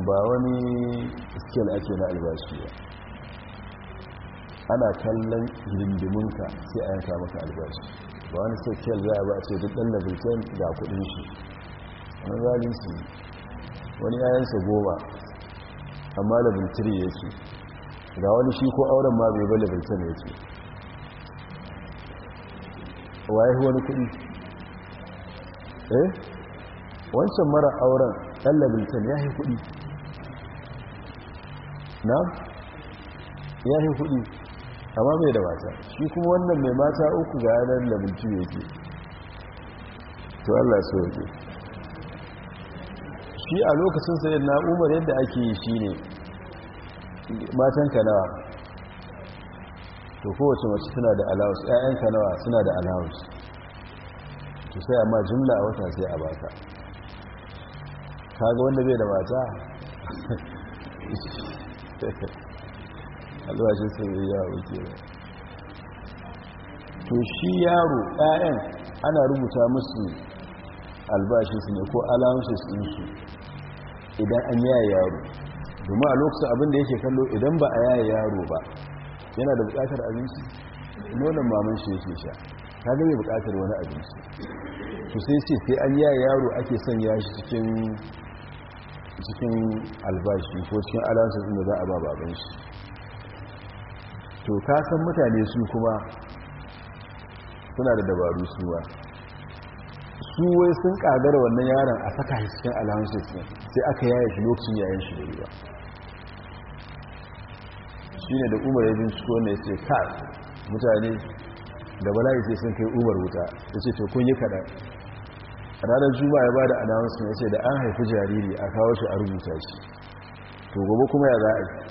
ba wani skill ake na albashi ba ana kallon rindiminka sai a yanka maka albashi ba wani skill za a ba a ce duk ɗan labirken ga kudin shi wani su wani yayansa goma amma labirtiri ce ga wani shi ko auren ma bai ba labirken ce waye wani kuɗi eh wancan mara auren ɗan labintan ya yi kuɗi na ya yi kuɗi amma bai da mata shi kuma wannan mai mata uku ga yanar mutu yake to allah so yake shi a lokacin sayar na umar yadda ake yi shi ne matan kanawa to kowace mace suna da alawus ƴaƴanka nawa suna da alawus to sai amma jumla a wata sai a baka kaga wanda bai da mata albashin sun yi yawo ke to shi yaro ƴaƴan ana rubuta musu su ne ko allowances su idan an yaya yaro domin a lokacin abin da yake kallo idan ba a yaya yaro ba yana da bukatar abinci nonon maman shi yake sha ta gane bukatar wani abinci su sai ce sai an yaya yaro ake sanya shi cikin albashi ko cikin alansa inda za a ba baban shi to ka san mutane su kuma suna da dabaru suwa, su wai sun kagara wannan yaron a saka shi cikin alansa sai aka yaya shi lokacin yayin shi da ba ne da umar ya binciko ne ce ka mutane da bala'i ce sun kai umar wuta ya ce to kun yi kaɗan ranar juma ya ba da alamansu ya ce da an haifi jariri a kawo shi a rubuta shi to gobe kuma ya za'a a yi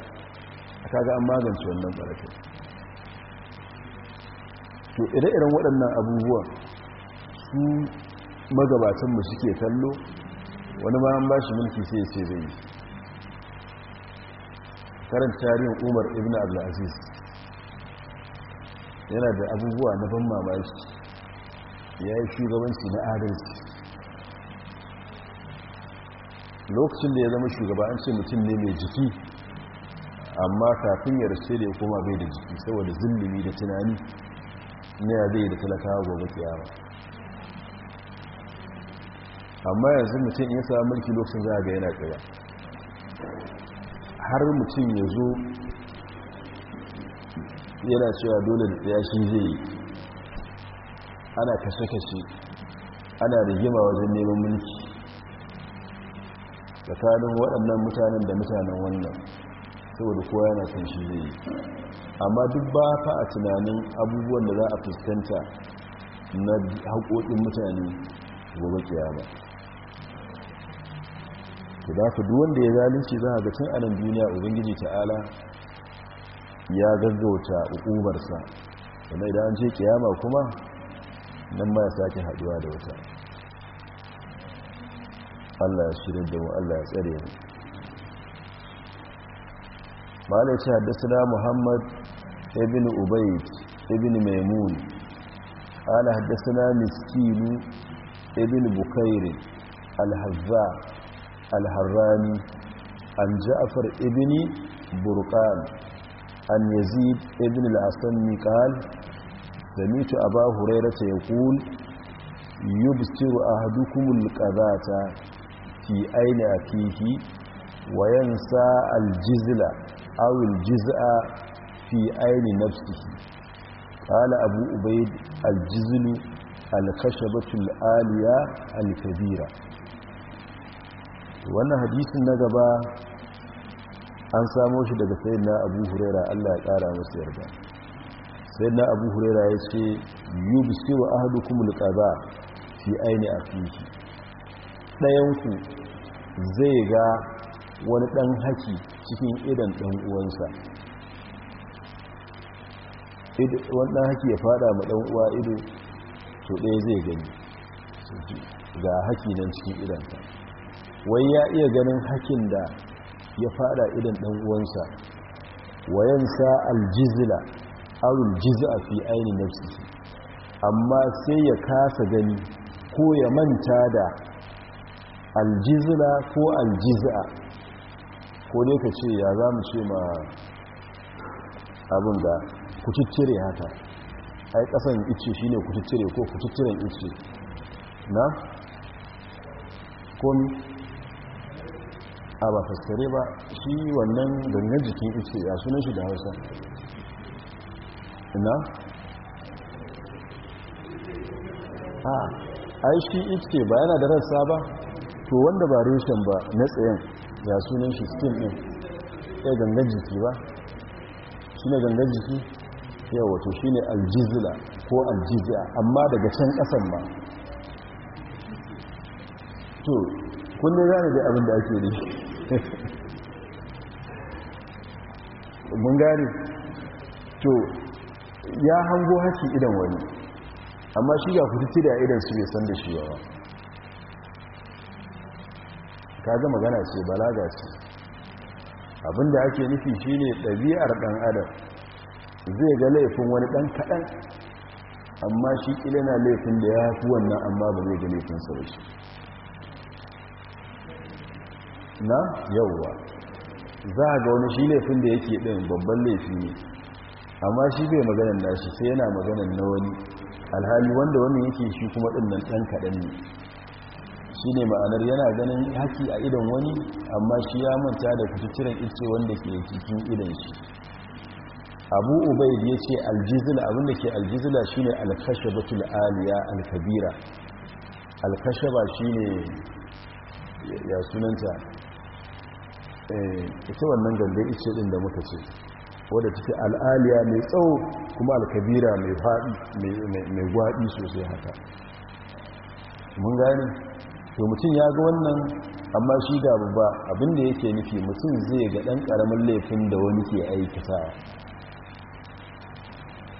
a kaga an magance wannan ɓarafin to ire-iren waɗannan abubuwan su magabatanmu suke kallo wani ma an ba shi mulki sai ya ce zai yi karanta tarihin umar ibn abdulaziz yana da abubuwa na ban mamaki ya yi shugabanci na adalci lokacin da ya zama shugaba an ce mutum ne mai jiki amma kafin ya rasu da ya koma bai da jiki saboda zillimi da tunani na ya zai da talakawa gobe kiyama amma yanzu mutum ya samu mulki lokacin za a ga yana kira har mutum ya zo yana cewa dole da tsaya shi zai yi ana kashe-kashe ana rigima wajen neman mulki tsakanin waɗannan mutanen da mutanen wannan saboda kowa yana son shi zai yi amma duk ba fa a tunanin abubuwan da za a fuskanta na haƙoƙin mutane gobe kiyama to da ka duk wanda ya zalunci za a ga tun anan duniya ubangiji ta'ala ya gaggauta ukubarsa sannan idan an ce kiyama kuma nan ma ya sake haduwa da wata Allah ya shirin da mu Allah ya tsare mu ya ce haddasa muhammad ibn Ubaid ibn maimun na حدثنا Ibn ابن al الهزاء al-harrani an ja'far ibn burqan an yazid ibn al-hasan miqal sami'tu aba hurairah yaqul yubsiru ahadukum al-qadata fi ayni akihi wa yansa al-jizla aw al-jiz'a fi ayni nafsihi qala abu ubayd al-jizlu al-khashabatu aliya al-kabira wannan hadisin na gaba an samo shi daga na abu huraira Allah ya kara masa yarda na abu huraira ya ce yubsiru ahadukumul qaza fi aini a dayan Ɗayanku zai ga wani ɗan haki cikin idan ɗan uwansa wani haki ya fada ma ɗan uwa ido to ɗaya zai gani ga haki nan cikin idanta wai ya iya ganin hakin da ya fada idan ɗan uwansa wayansa aljizla arul jiz'a fi aini nafsihi amma sai ya kasa gani ko ya manta da aljizla ko aljiz'a ko ne ka ce ya za mu ce ma abin da kuciccire haka ai kasan ice shine kuciccire ko kucicciren ice na a ba fasare ba shi wannan gangan jikin ice ya sunan shi da hausa ina? a ai shi ice ba yana da rassa ba to wanda ba reshen ba na tsayen ya sunan shi skin din ya gangan jiki ba shi ne gangan jiki ya wato shi ne aljizila ko aljiziya amma daga can kasan ba to kun ne gane da abin da ake da shi mun gane to ya hango haki idan wani amma shi ga fiti tida idan su bai san da shi yawa ka ga magana ce balaga ce abinda ake nufi shine ɗabi'ar ɗan adam zai ga laifin wani ɗan kaɗan amma shi ƙila laifin da ya fi wannan amma ba zai ga laifin sarashi na yauwa za a ga wani shi laifin da yake ɗin babban laifi ne amma shi bai na nashi sai yana maganan na wani alhali wanda wani yake shi kuma ɗin nan ɗan kaɗan ne shi ne ma'anar yana ganin haki a idan wani amma shi ya manta da kututuran ice wanda ke cikin idan shi abu ubaid ya ce aljizila abinda ke aljizila shi ne alkashabatul aliya alkabira ba shi ne ya sunanta Eh, ita wannan gande ice din da muka ce wadda ce al'aliya mai tsawo kuma alkabira mai faɗi mai gwaɗi sosai haka mun gani to mutum ya ga wannan amma shi ga babba abinda yake nufi mutum zai ga ɗan ƙaramin laifin da wani ke aikata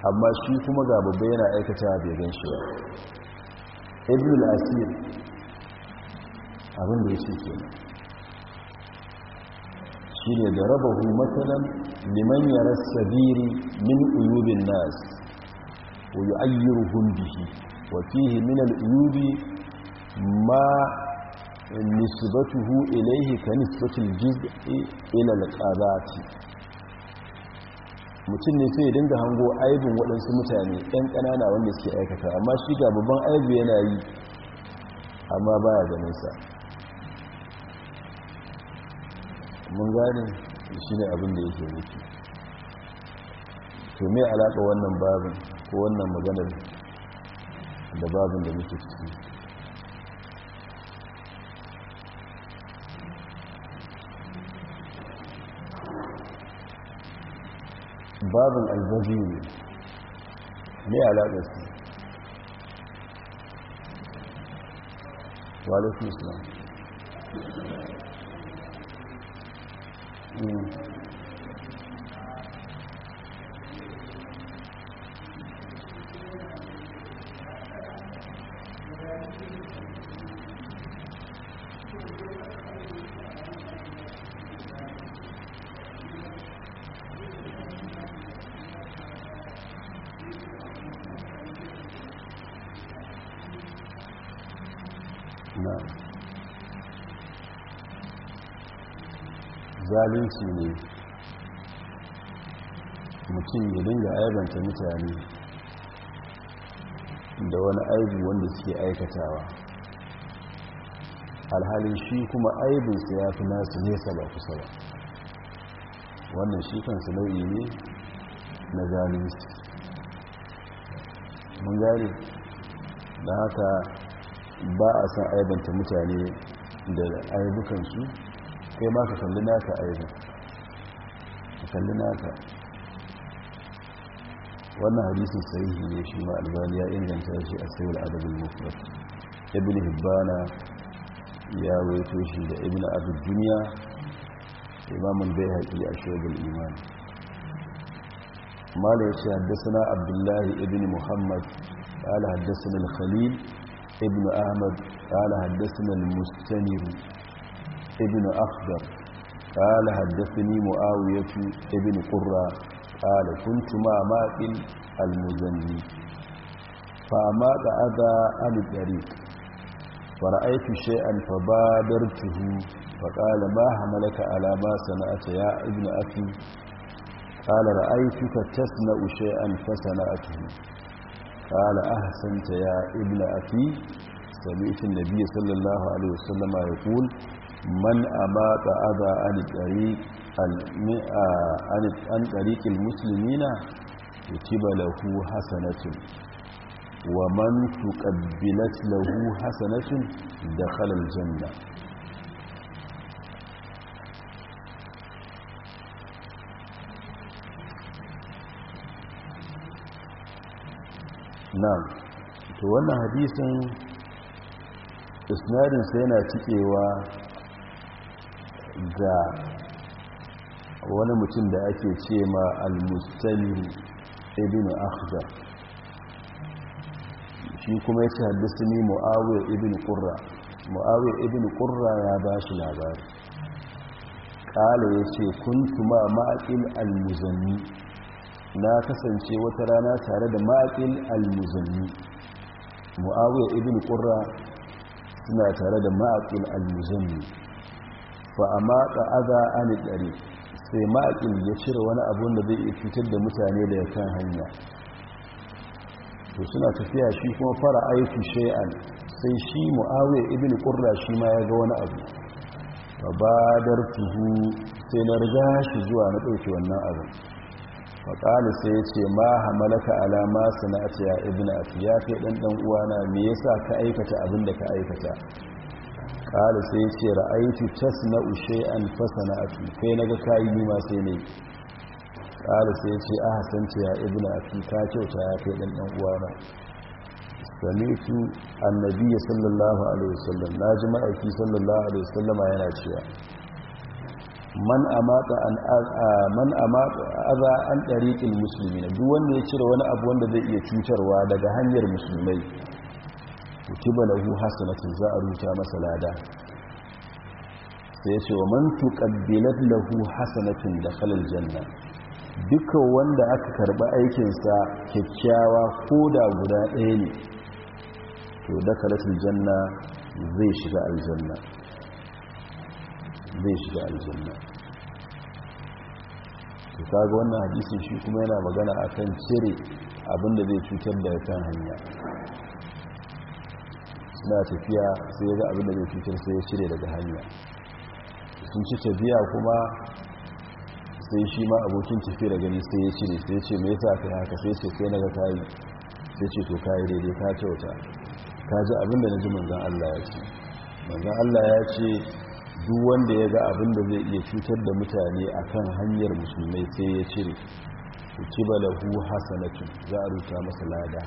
amma shi kuma ga babba yana aikata bai gan shi ba ibn al-asir abinda ya ce Shine da raba hu matsalan liman ya rasa biri min uyubin nas wa yi ayyurhun bihi wa fihi min al'uyubi ma nisbatuhu ilaihi ka nisbatul jiz'i ila alqabati mutum ne sai dinga hango aibin waɗansu mutane ɗan ƙanana wanda suke aikata amma shi babban aibu yana yi amma baya ganin sa mun gane shi ne abin da yake wuce to me alaƙa wannan babin ko wannan maganar da babin da muke ciki babin albazi ne me ne alaƙarsu walaikun islam 嗯。zalunci ne mutum ya dinga aibanta mutane da wani aibi wanda suke aikatawa alhalin shi kuma aibinsa ya fi nasu nesa ba kusa ba wannan shi kansu nau'i ne na zalunci mun gane da haka ba a san aibanta mutane da aibukansu kai ma ka kalli naka aini ka kalli naka wannan hadisun sahihi ne shi ma albani ya inganta shi a sayar adabin mufrat ibn hibbana ya waito shi da ibn abin duniya imamun bai haƙi a shaidar imani mala ya ce haddasa abdullahi ibn muhammad قال حدثنا الخليل ابن أحمد قال حدثنا المستنير ابن أخضر قال حدثني معاوية ابن قرة قال كنت مع مات المزني فما أذى عن الطريق فرأيت شيئا فبادرته فقال ما حملك على ما سمعت يا ابن أخي قال رأيتك تسمع شيئا فسمعته قال أحسنت يا ابن أخي سمعت النبي صلى الله عليه وسلم يقول man abata aza an tariq an tariqil muslimina kutiba lahu hasanatun wa man tuqabbilat lahu hasanatun dakhala aljanna na'am to wannan hadisin isnadinsa yana cikewa Da wani mutum da ake ce ma al-mustami ibn shi kuma ya ce haddasa ni mu'awiyar ibn kurra mu'awiyar ibn kurra ya ba shi labari ƙala ya ce kun tuma ma'aƙil al-muzanni na kasance wata rana tare da ma'aƙil al-muzanni mu'awiyar ibn kurra suna tare da ma'aƙil al-muzanni fa amma ƙa'aza ani ɗari sai ma'aƙin ya cire wani abu da zai fitar da mutane da ya kan hanya to suna tafiya shi kuma fara aiki shay'an sai shi mu'awiyar ibn ƙurla shi ma ya ga wani abu tuhu sai na riga shi zuwa na ɗauki wannan abin faƙali sai ya ce ma hamalaka alama ta ya ibn afi ya fi ɗanɗan uwana me yasa ka aikata abin da ka aikata kala sai ya ce ra'aitu na ushe an fasana a kai na ga kayi nima sai ne kala sai ya ce a ah, san ce ya ibina a fi ta kyauta ya kai ɗan ɗan uwana samitu annabi sallallahu alaihi wasallam na ji ma'aiki sallallahu alaihi wasallam yana cewa man amata an man amata aza an dariqil muslimin duk wanda ya cire wani abu wanda zai iya cutarwa daga hanyar musulmai kutiba lahu hasanatun za a ruta masa lada sai ce wa man tuqabbilat lahu hasanatin dakhala aljanna duka wanda aka karba aikinsa kyakkyawa ko da guda ɗaya ne to dakhala aljanna zai shiga aljanna zai shiga aljanna to kaga wannan hadisin shi kuma yana magana akan cire abinda zai cutar da kan hanya na tafiya sai ya ga abin da zai cutar sai ya cire daga hanya sun ci tafiya kuma sai shi ma abokin tafiya da gani sai ya cire sai ya ce mai sa ka haka sai ce sai na ga kayi sai ce to kayi daidai ka kyauta ka ji abin da na ji manzan Allah ya ce manzan Allah ya ce duk wanda ya ga abin da zai iya cutar da mutane akan hanyar musulmai sai ya cire kibalahu hasanatu za a ruta masa lada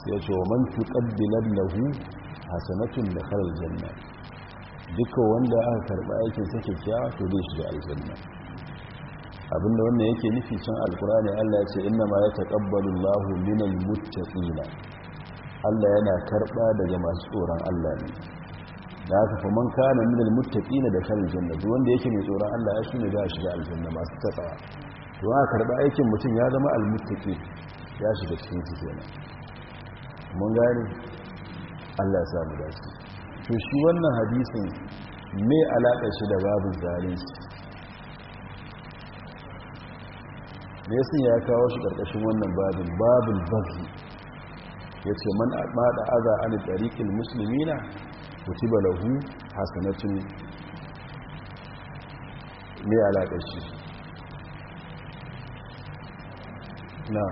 sai ce wa man tuqabbilan lahu hasanatun da khalal janna duka wanda aka karɓi aikin sa kyakkyawa to zai shiga aljanna abinda wannan yake nufi can alkurani Allah ya ce inna ma yataqabbalu Allahu minal muttaqin Allah yana karɓa daga masu tsoron Allah ne da haka fa man kana minal da khalal janna duk wanda yake mai tsoron Allah ya shine za a shiga aljanna masu tsatsawa. to aka karba aikin mutum ya zama almuttaqin ya shiga cikin su kenan mun gane allah samu dace to shi wannan hadisin me alaƙa shi da babin zalunci da ya ya kawo shi ƙarƙashin wannan babin babin bazi ya ce man maɗa aza an tariƙin musulmina kutiba lahu hasanatun me alaƙa shi na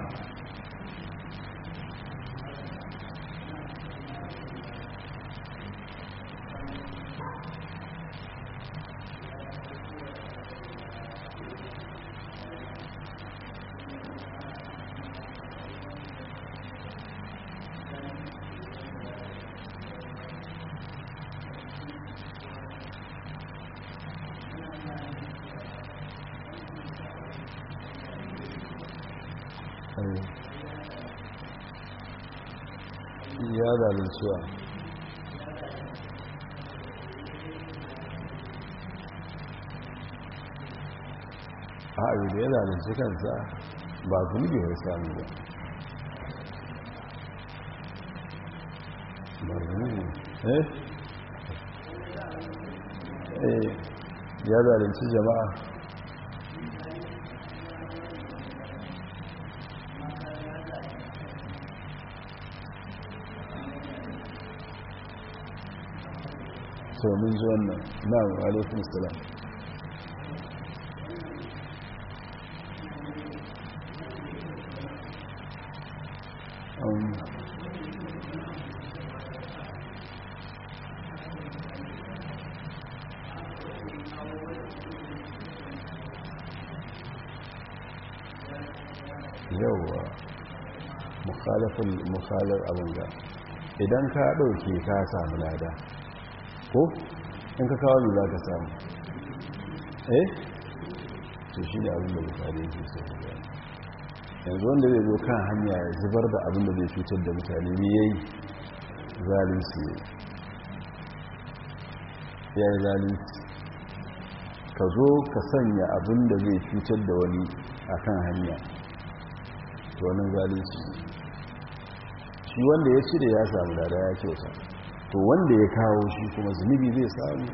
cewa a abu da ya zalunci kansa ba zunubi ya sami ba ba zunubi eh, eh ya zalunci jama'a to mun ji wannan na alaikun salam um, yawwa mukhalafin mukhalar abin idan ka ɗauke ka samu lada ko in ka kawo lula ka samu eh to shi da abin da mutane ke so yanzu wanda zai zo kan hanya ya zubar da abin da zai cutar da mutane ne yayi zalunci ya yi zalunci ka zo ka sanya abin da zai cutar da wani a kan hanya wani zalunci shi wanda ya da ya samu dada ya kyauta to wanda ya kawo shi kuma zunubi zai sami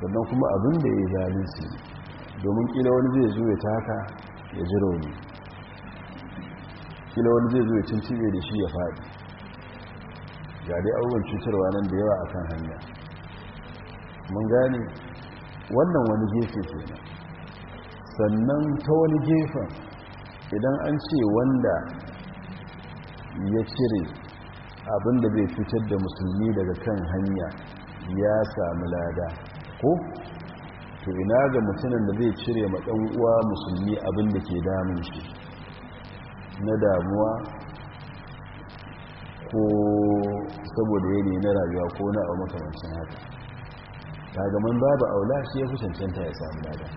sannan kuma abin da ya yi zalunci domin kila wani zai zo ya taka ya ji rauni kila wani zai zo ya cincibe da shi ya faɗi ga dai abubuwan cutarwa nan da yawa a kan hanya mun gane wannan wani gefe nan sannan ta wani gefen idan an ce wanda ya cire abinda bai fitar da musulmi daga kan hanya ya sami lada ko to ina ga mutumin da zai cire ma musulmi abinda ke damun shi na damuwa ko saboda ne na rayuwa ko na abu makamancin haka tagaman babu aula shi ya fi cancanta ya sami lada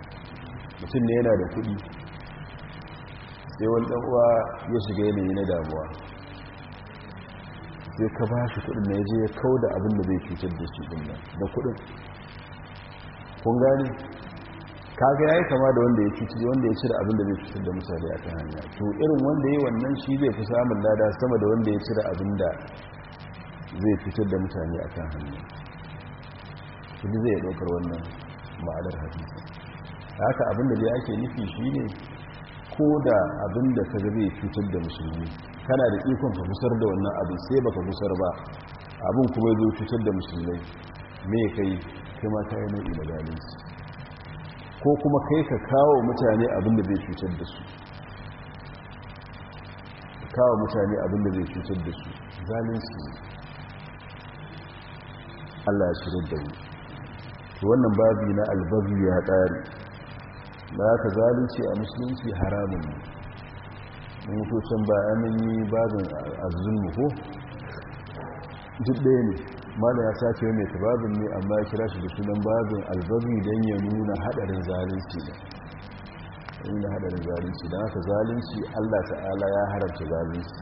mutum ne yana da kudi sai wani ɗan'uwa ya shiga yanayi na damuwa ya ka ba shi kudin na yaje ya kau da abin da zai cutar da shi din nan da kudin kun gani kaga yayi kama da wanda ya cuci wanda ya cire abin da zai cutar da mutane a kan hanya to irin wanda yayi wannan shi zai fi samun lada sama da wanda ya cire abin da zai cutar da mutane a kan hanya shi zai daukar wannan ma'anar hadisi haka abin da dai ake nufi shine ko da abin da ka zai cutar da musulmi kana da ikon ka gusar da wannan abin sai baka gusar ba abin kuma zai cutar da musulmai me kai kuma ta yi nau'i da galinsu ko kuma kai ka kawo mutane abin da zai cutar da su kawo mutane abin da zai cutar da su zalinsu ne allah ya shirar da mu to wannan Babu na albabu ya tsari da aka zalunci a musulunci haramun ne mutocin so ba amin yi babin azzulmu muku duk ɗaya ne malam ya sace mai babin ne amma ya kira shi da sunan babin albabi don ya nuna haɗarin zalunci ne nuna haɗarin zalunci don haka zalunci allah ta'ala ya haramta zalunci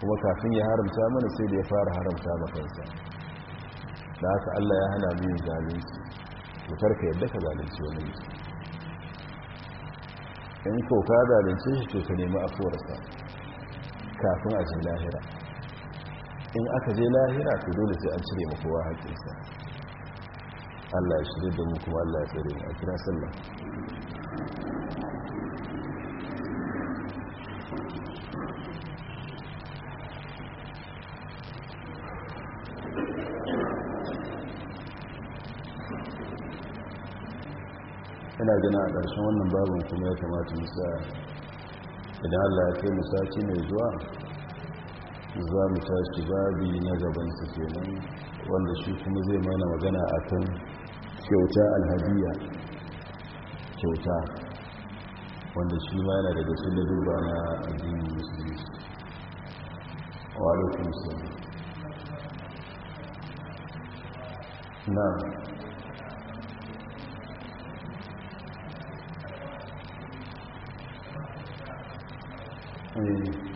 kuma kafin ya haramta mana sai da ya fara haramta makansa da haka allah ya hana mu yin zalunci ya karka yadda ka zalunci wani mutum in ko ka zalunce shi to ka nemi afuwarsa kafin a ji lahira in aka je lahira to dole sai an cire makowa haƙinsa Allah ya shirya da mu kuma Allah ya tsere mu a kira sallah ina gina a ƙarshen wannan babin kuma ya kamata musa idan allah ya kai musaki mai zuwa za mu tashi babi na gabansa kenan wanda shi kuma zai mana magana a kan kyauta alhadiya kyauta wanda shi ma yana daga cikin da duba na addinin musulunci wa alaikum salam na'am the mm.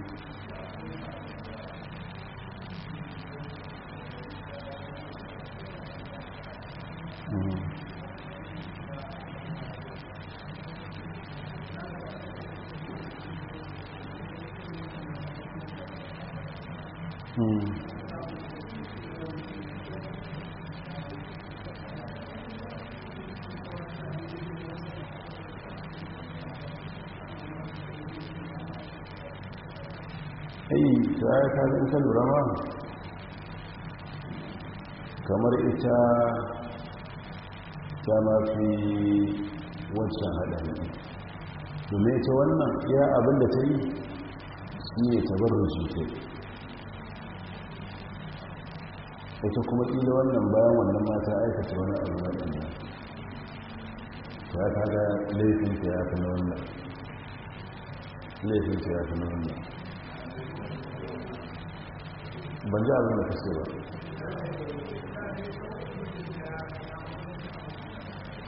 in lura ma kamar ita ta mafi wancan haɗari domin ita wannan ya abin da ta yi shi ne tabarin shi ita kuma ƙila wannan bayan wannan mata aikata wani abu na ɗan ta kaga laifinta ya fi na wannan laifinta ya fi na wannan ban ji abin da ba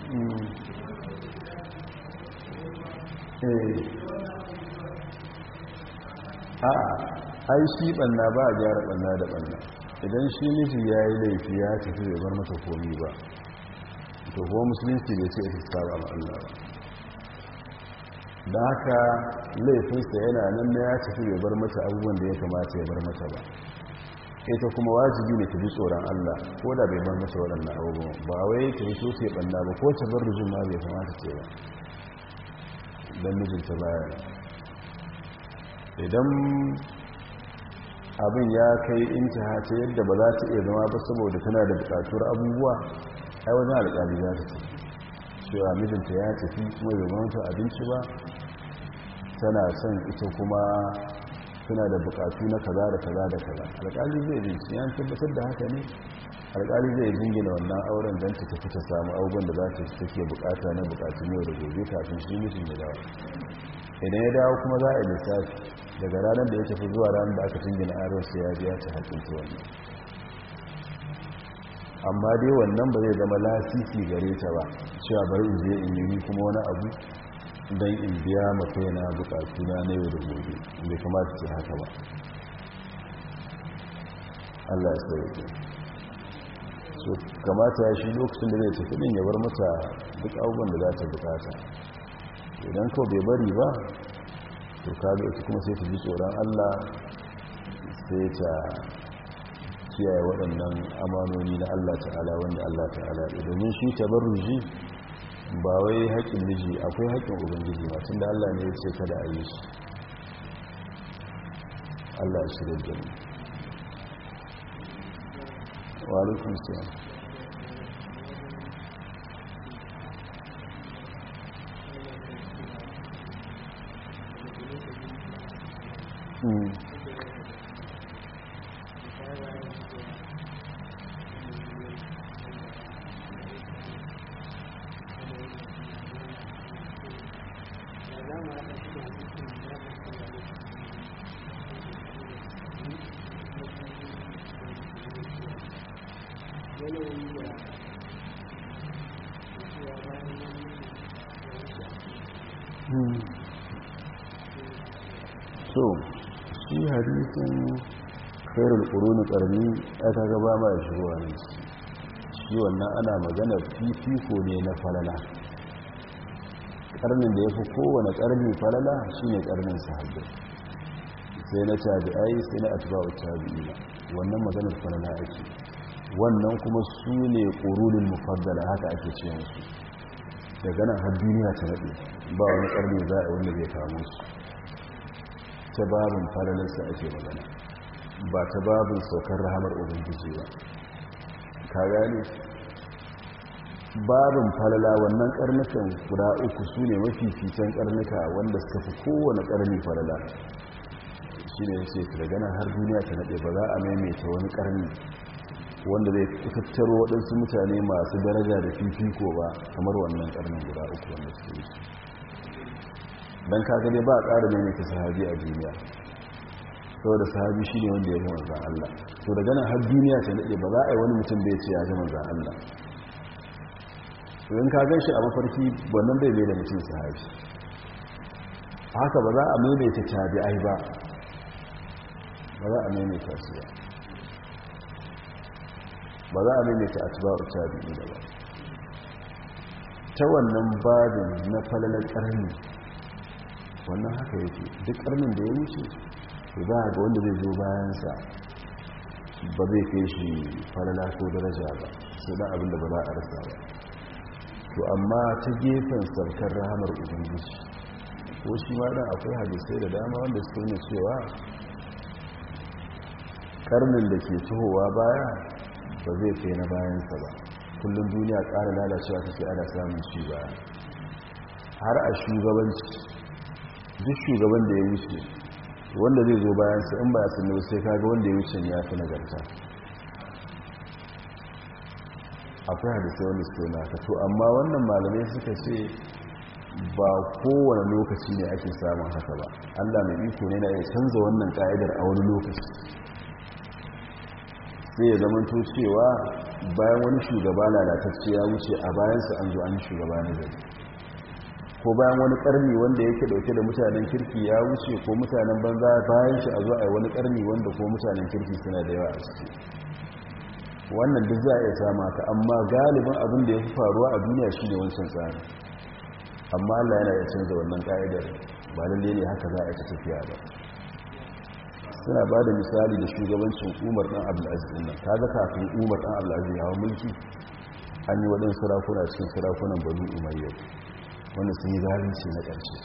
hmm. eh. a ai shi banna ba a gyara banna da banna idan shi miji ya yi laifi ya tafi bai bar mata komi ba to kuma musulunci bai ce ita tsara Allah ba da haka laifinsa yana nan na ya tafi bai bar mata abubuwan da ya kamata ya bar mata ba ita kuma wajibi ne ta bi tsoron Allah ko da bai bar masa waɗannan abubuwan ba wai ta yi so sai ba ko ta bar rijin ma bai kamata ce ba don mijinta baya idan abin ya kai inci ta yadda ba za ta iya zama ba saboda tana da bukatuwar abubuwa ai wajen alƙali za ta ce cewa mijinta ya tafi kuma bai mata abinci ba tana son ita kuma suna da bukatu na kaza da kaza da kaza alƙali zai ji yan tabbatar da haka ne alƙali zai jingina wannan auren don ta fita samu abubuwan da za ta take bukata na bukatu yau da gobe kafin shi mutum ya dawo idan ya dawo kuma za a yi lissafi daga ranar da ya tafi zuwa ranar da aka jingina auren sai ya biya ta haƙƙin ta wannan amma dai wannan ba zai zama lasisi gare ta ba cewa bari in je in yi kuma wani abu don in biya makaina bukatuna na yau da gobe bai kamata ce haka ba allah ya sauke so kamata ya shi lokacin da zai tafi din ya bar mata duk abubuwan da za ta bukata idan kawai bai bari ba to ka ita kuma sai ta ji tsoron allah sai ta kiyaye waɗannan amanoni na allah ta'ala wanda allah ta'ala domin shi ta tabarruji ba wai haƙƙin miji akwai haƙƙin ubangiji ba tun da allah ne ya ce kada a yi su allah ya shirya gani wa siya Mm-hmm. ya ga ba ma shigowa ne shi wannan ana maganar fifiko ne na falala karnin da ya fi kowane karni falala shi ne karnin sahabbai sai na tabi'ai sai na atba'u tabi'ina wannan maganar falala ake wannan kuma su ne ƙorunin mufaddala haka ake ce musu daga nan har duniya ta naɗe ba wani karni za a wanda bai kawo su ta babin falalarsa ake magana ba ta babin saukar rahamar ubangiji ba ka gane babin falala wannan karnukan guda uku su ne fitan karnuka wanda suka fi kowane karni falala shi ne ce daga har duniya ta naɗe ba za a maimaita wani karni wanda zai tattaro waɗansu mutane masu daraja da fifiko ba kamar wannan karnin guda uku wanda su yi don kaka dai ba a ƙara maimaita sahabi a duniya da sahabi shine wanda ya zama manzan Allah to da nan har duniya ta daɗe ba za a yi wani mutum da ya ce ya zama manzan Allah to in ka gan shi a mafarki wannan bai da mutum sahabi haka ba za a maimaita tabi'ai ba ba za a maimaita su ba ba za a maimaita a tabi ne ba ta wannan babin na falalar karni wannan haka yake duk karnin da ya wuce to za ga wanda zai zo bayansa ba zai kai shi falala ko daraja ba sai da abin ba za a rasa ba to amma ta gefen sarkar rahamar ubangiji ko shi ma da akwai hadisai da dama wanda su ne cewa karnin da ke tuhowa baya ba zai kai na bayansa ba kullum duniya ƙara lalacewa take ana samun shi baya har a shugabanci duk shugaban da ya wuce wanda zai zo bayan sai in ba ya sunna sai kaga wanda ya wuce ya fi nagarta akwai sai wanda sai na ka amma wannan malamai suka ce ba kowane lokaci ne ake samun haka ba allah mai iko ne na iya canza wannan ka'idar a wani lokaci sai ya zama to cewa bayan wani shugaba lalatacce ya wuce a bayansa an zo an shugaba na gari ko bayan wani karni wanda yake dauke da mutanen kirki ya wuce ko mutanen banza bayan shi a zo a wani karni wanda ko mutanen kirki suna da yawa a ciki wannan duk za a iya sama ka amma galibin abin da ya fi faruwa a duniya shi ne wancan tsari amma allah yana iya canza wannan ka'idar ba lallai ne haka za a ta tafiya ba suna ba da misali da shugabancin umar dan abdulaziz din nan kaga kafin umar ɗan abdulaziz ya hawa mulki an yi waɗansu sarakuna cikin sarakunan umar yau. wanda sun yi zalunci na ƙarshe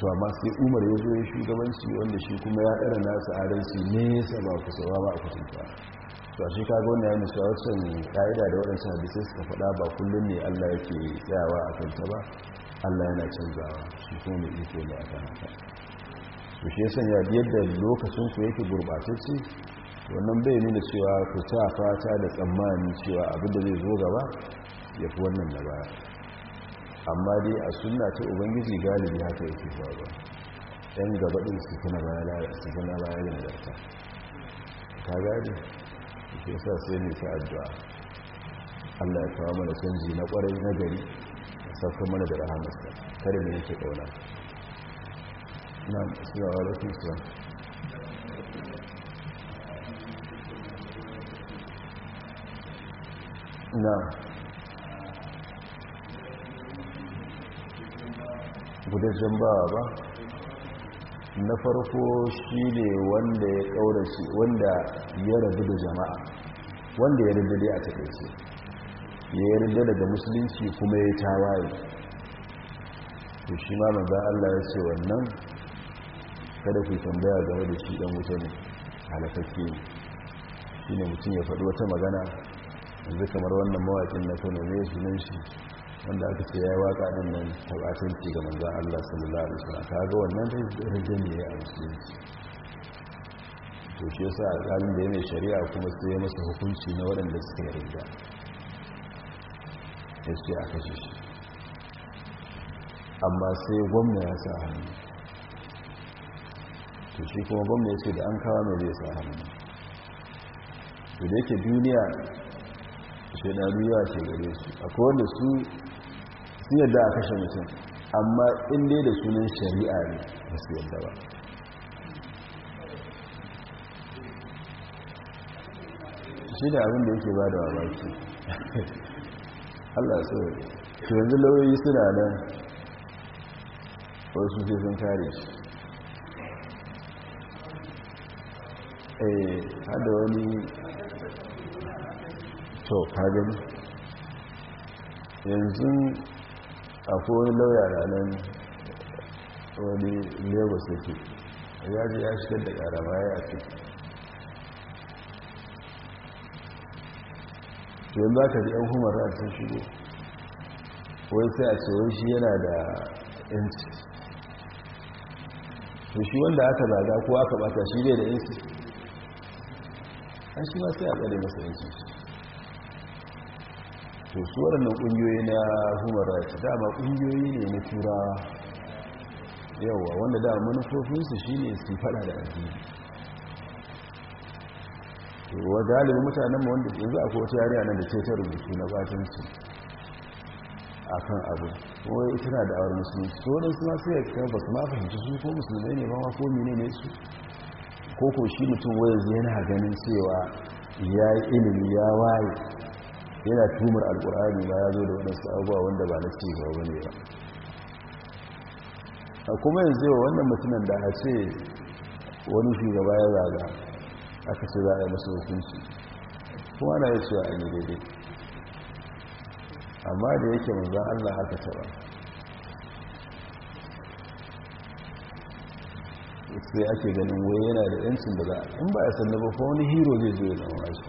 to amma sai umar ya zo ya shugabanci wanda shi kuma ya ɗara nasa adalci nesa ba ku ba ba a kusurta to a shi kaga wannan ya nusa wancan ka'ida da waɗansu hadisai suka faɗa ba kullum ne allah yake tsayawa a kanta ba allah yana canzawa shi kuma mai iko ne a kan haka to shi ya biyar yadda lokacin ku yake gurɓatacce wannan bai nuna cewa ku ta fata da tsammani cewa abin da zai zo gaba ya fi wannan na baya amma dai a suna ta ubangiji galibi haka yake faruwa ɗan gaba ɗin su tana bayan lantarka ka gani ke sa sai ne ta addu'a allah ya kawo mana canji na ƙwarai na gari saukan mana da rahamasta kada ne yake ƙauna na suna wa rafin su na gudajen ba ba na farko shi ne wanda ya ƙaurace wanda ya rabu da jama'a wanda ya rinda dai a takaice ya yi rinda daga musulunci kuma ya tawaye to shi ma maza allah ya ce wannan kada ku tambaya game da shi ɗan wuta ne halakakke shi ne mutum ya faɗi wata magana yanzu kamar wannan mawaƙin na kano ne sunan shi wanda aka ce ya yi waka din nan tabatanci ga manzan Allah sallallahu alaihi wasallam ta ga wannan rage ne a musulunci to shi yasa alƙalin da ya mai shari'a kuma sai ya masa hukunci na waɗanda suka yi rinda ya ce a kashe shi amma sai gwamna ya sa hannu to shi kuma gwamna ya ce da an kawo mai zai sa hannu to da yake duniya shaidaru yawa ce gare su akwai wanda su sun yadda a kashe mutum amma inda da sunan shari'a ne ba su yadda ba shi da abin da yake ba da wabaki allah tsoro to yanzu lauyoyi suna nan wasu su sun kare shi eh hada wani to kagani yanzu akwai wani lauya ranar wani lagos da ya ji ya shigar da karama ya fi yanzu aka ji yan human rights sun shigo wai sai a cewar shi yana da yanci to shi wanda aka zaga ko aka bata shi ne da yanci an shi ma sai a tsare masa yanci shi to su waɗannan ƙungiyoyi na human rights dama ƙungiyoyi ne na tura yawa wanda da manufofinsu shi ne su faɗa da addini to wa galibin mutanenmu wanda yanzu a wata yari nan da ce ta rubutu na batinsu a kan abu kuma ita na da awar musulmi su wani su masu yaki kan basu ma fahimci su ko musulmai ne ba ma ko mine ne su ko ko shi mutum wayanzu yana ganin cewa ya yi ilimi ya waye yana tumar alkur'ani ba ya zo da waɗansu abubuwa wanda ba na ci gaba ne ba a kuma yanzu wa wannan mutumin da a ce wani shugaba ya zaga aka ce za a yi masu hukunci kuma na yi cewa a yi daidai amma da yake manzan allah ta ba. sai ake ganin wai yana da yancin da za a in ba a sannu ba fa wani hero zai zo ya zama wasu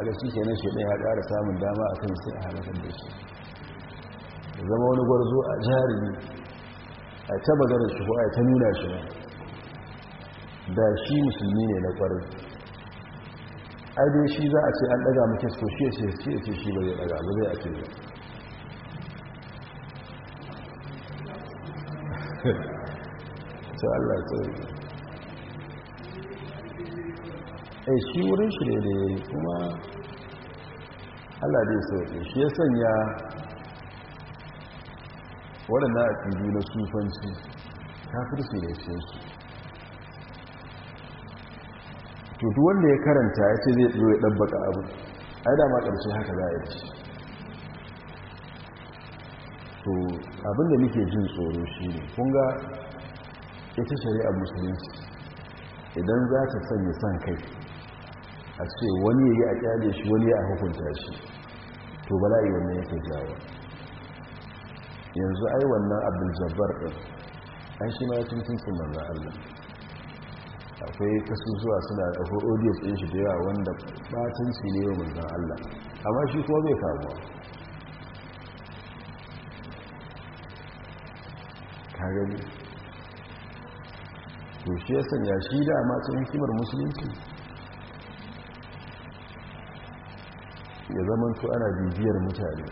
kaga shi kenan shi ɗaya ya ƙara samun dama a kan sai a halakar da shi zama wani gwarzo a jarumi a ta magana shi ko a ta nuna shi ba da shi musulmi ne na kwarai ajiye shi za a ce an ɗaga muke so shi ce ce ce shi ba zai ɗaga ba zai a ce ba Allah ya a eh, shi wurin shi da ya kuma Allah dai sauke shi ya sanya waɗanda a ƙidu na sufanci kafirci da shi su tutu wanda ya karanta ya ce zai zo ya ɗabbaka abu ai dama ƙarshe haka za a yi to abinda muke jin tsoro shi ne kunga ita shari'ar musulunci idan za ta sanya son kai a ce wani ya yi a kyale shi wani ya hukunta shi to bala'i wannan yake jawo yanzu ai wannan abdul jabbar an shi ma ya cin manzan allah akwai kasusuwa suna ɗaho audio ɗin shi da yawa wanda batanci ne wa manzan allah amma shi kuma bai kamuwa kagani to shi ya sanya shi da matan hikimar musulunci zamanto ana bibiyar mutane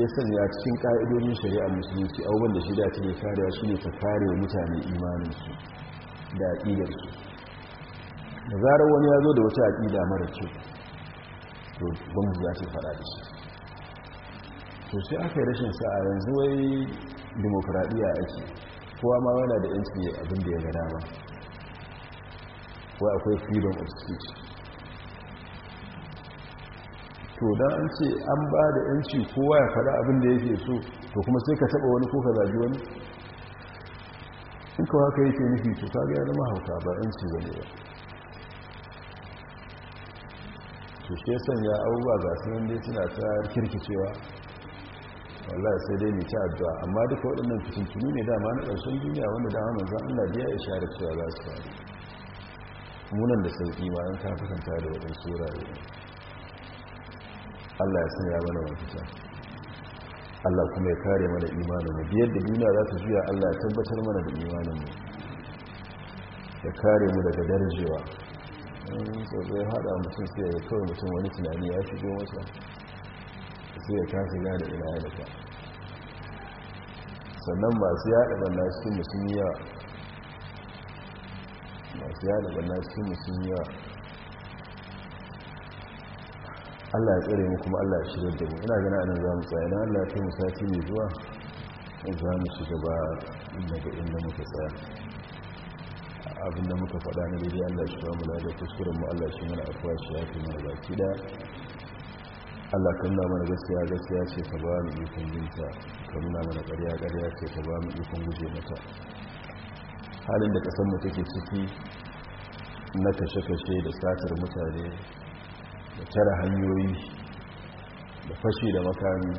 ya sanya cikin ƙa'idodin shari'a musulunci abubuwan da shi da take kariya shi ne ta kare wa mutane imaninsu da aƙidarsu da zarar wani ya zo da wata aƙida mara kyau to gwamnati za ta faɗa da shi to sai aka yi rashin sa'a yanzu wai dimokuraɗiyya ake kowa ma yana da yanci abin da ya gada ba wai akwai freedom of speech to da an ce an ba da yanci kowa ya kada abin da yake so to kuma sai ka taba wani ko ka zagi wani in kawo haka yake nufi to kaga ya zama hauka ba yanci ba ne ba to shi sanya abubuwa ga su nan suna ta kirkicewa wallah sai dai ne ta addu'a amma duka waɗannan fitintuni ne dama na ƙarshen duniya wanda dama manzan Allah biya ya share cewa za su faru munan da sauƙi ma an ta kanta da waɗansu wurare Allah ya sanya mana mafita Allah kuma ya kare mana imanin mu biyar da duniya za ta juya Allah ya tabbatar mana da imanin mu ya kare mu daga darjewa sai ya hada mutum sai ya kawai mutum wani tunani ya shigo masa sai ya kasa ya da ina ya sannan masu yada banna cikin musulmiya masu yada banna cikin musulmiya allah ya tsere mu kuma allah ya shirar da mu ina gana anan za mu tsaya idan allah ya fi mu sati mai zuwa za mu shiga ba daga inda muka tsaya abinda muka faɗa na daidai allah ya shiga mu da kuskuren mu allah ya shiga mana afuwa shi ya fi mana baki da allah kan na mana gaskiya gaskiya ce ta ba mu ikon jinta ka nuna mana ƙarya ƙarya ce ta ba mu ikon guje mata halin da ƙasar mu take ciki na kashe-kashe da satar mutane da tara hanyoyi da fashi da makami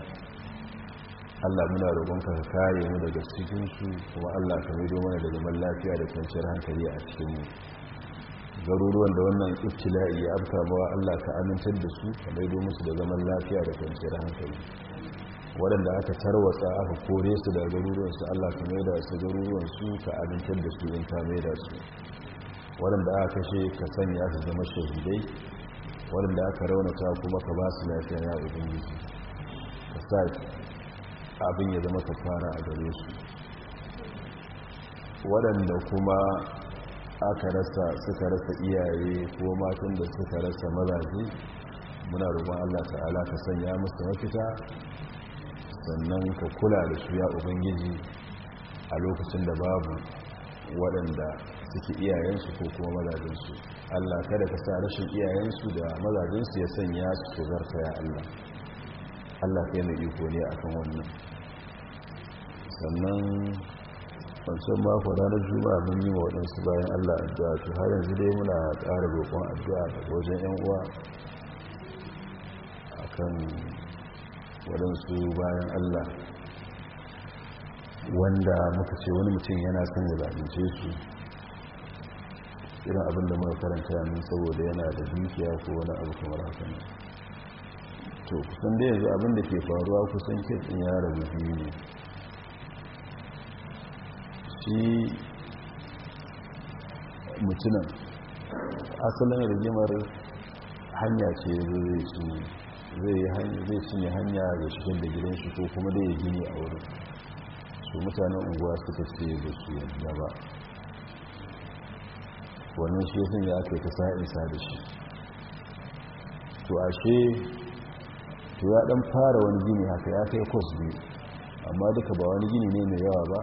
allah muna roƙonka ka kare mu daga cikinsu kuma allah ka mai mana da zaman lafiya da kwanciyar hankali a cikinmu garuruwan da wannan iftila'i ya afka mawa allah ka amintar da su ka mai musu da zaman lafiya da kwanciyar hankali waɗanda aka tarwatsa aka kore su da su, allah ka mai da su ka amintar da su in ka mai da su waɗanda aka kashe ka sanya su zama shahidai waɗanda aka raunata kuma ka ba su lafiya ya ubangiji ka sa abin ya zama ka fara a gare su waɗanda kuma aka rasa suka rasa iyaye ko matan da suka rasa mazaji muna roƙon Allah ta'ala ka sanya musu mafita sannan ka kula da su ya ubangiji a lokacin da babu waɗanda suke iyayensu ko kuma mazajinsu Allah kada ka sa rashin iyayensu da mazajensu ya sanya su zarta ya Allah Allah ya mai iko ne akan wannan sannan wancan mako ranar juma'a mun yi wa waɗansu bayan Allah addu'a su har yanzu dai muna ƙara roƙon addu'a wajen yan uwa akan waɗansu bayan Allah wanda muka ce wani mutum yana son ya su irin abin da muka karanta yanzu saboda yana da dukiya ko wani abu kamar haka ne to kusan da yanzu abin da ke faruwa kusan din ya rabu biyu ne shi mutunan asalin rigimar hanya ce zai ci zai cinye hanya da shigar da gidan shi ko kuma da ya gini a wurin su mutanen unguwa suka ce ba su yadda ba wannan shi sun ya ake ta sa'insa da shi to ashe to ya ɗan fara wani gini haka ya kai kos biyu amma duka ba wani gini ne mai yawa ba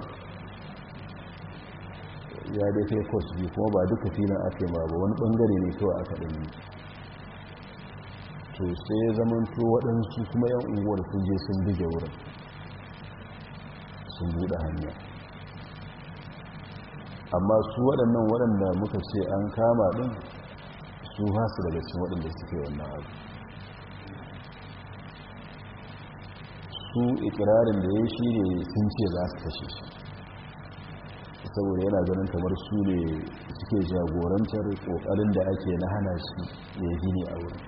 ya dai kai kos biyu kuma ba duka filin ake ma ba wani bangare ne kawai aka ɗanyi to sai zamanto waɗansu kuma yan unguwar sun je sun buge wurin sun buɗe hanya amma su waɗannan waɗanda muka ce an kama ɗin su hasu daga cikin waɗanda suke wannan abu su ikirarin da ya shi ne sun ce za su kashe shi saboda yana ganin kamar su ne suke jagorantar ƙoƙarin da ake na hana shi ya gini a wurin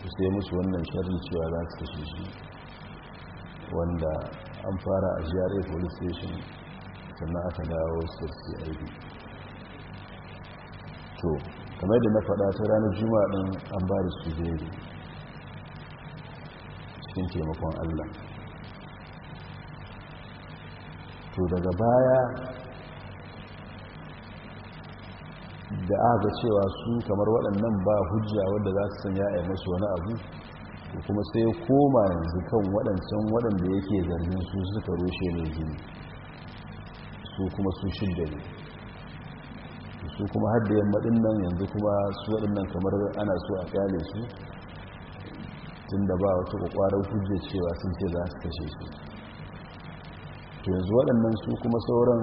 su sai musu wannan sharri cewa za su kashe shi wanda an fara a gra police station sannan aka dawo sirfi aiki to kamar da na faɗa ta ranar juma'a ɗin an ba da su jere cikin taimakon allah to daga baya da aka cewa su kamar waɗannan ba hujja wadda za su sanya a yi masu wani abu kuma sai koma yanzu kan waɗancan waɗanda yake zargin su suka rushe mai jini. su kuma sun shidda ne su kuma hadda yamma dinnan yanzu kuma su waɗannan kamar ana so a kyale su tun da ba wata kwakwarar hujjar cewa sun ce za su kashe su to yanzu waɗannan su kuma sauran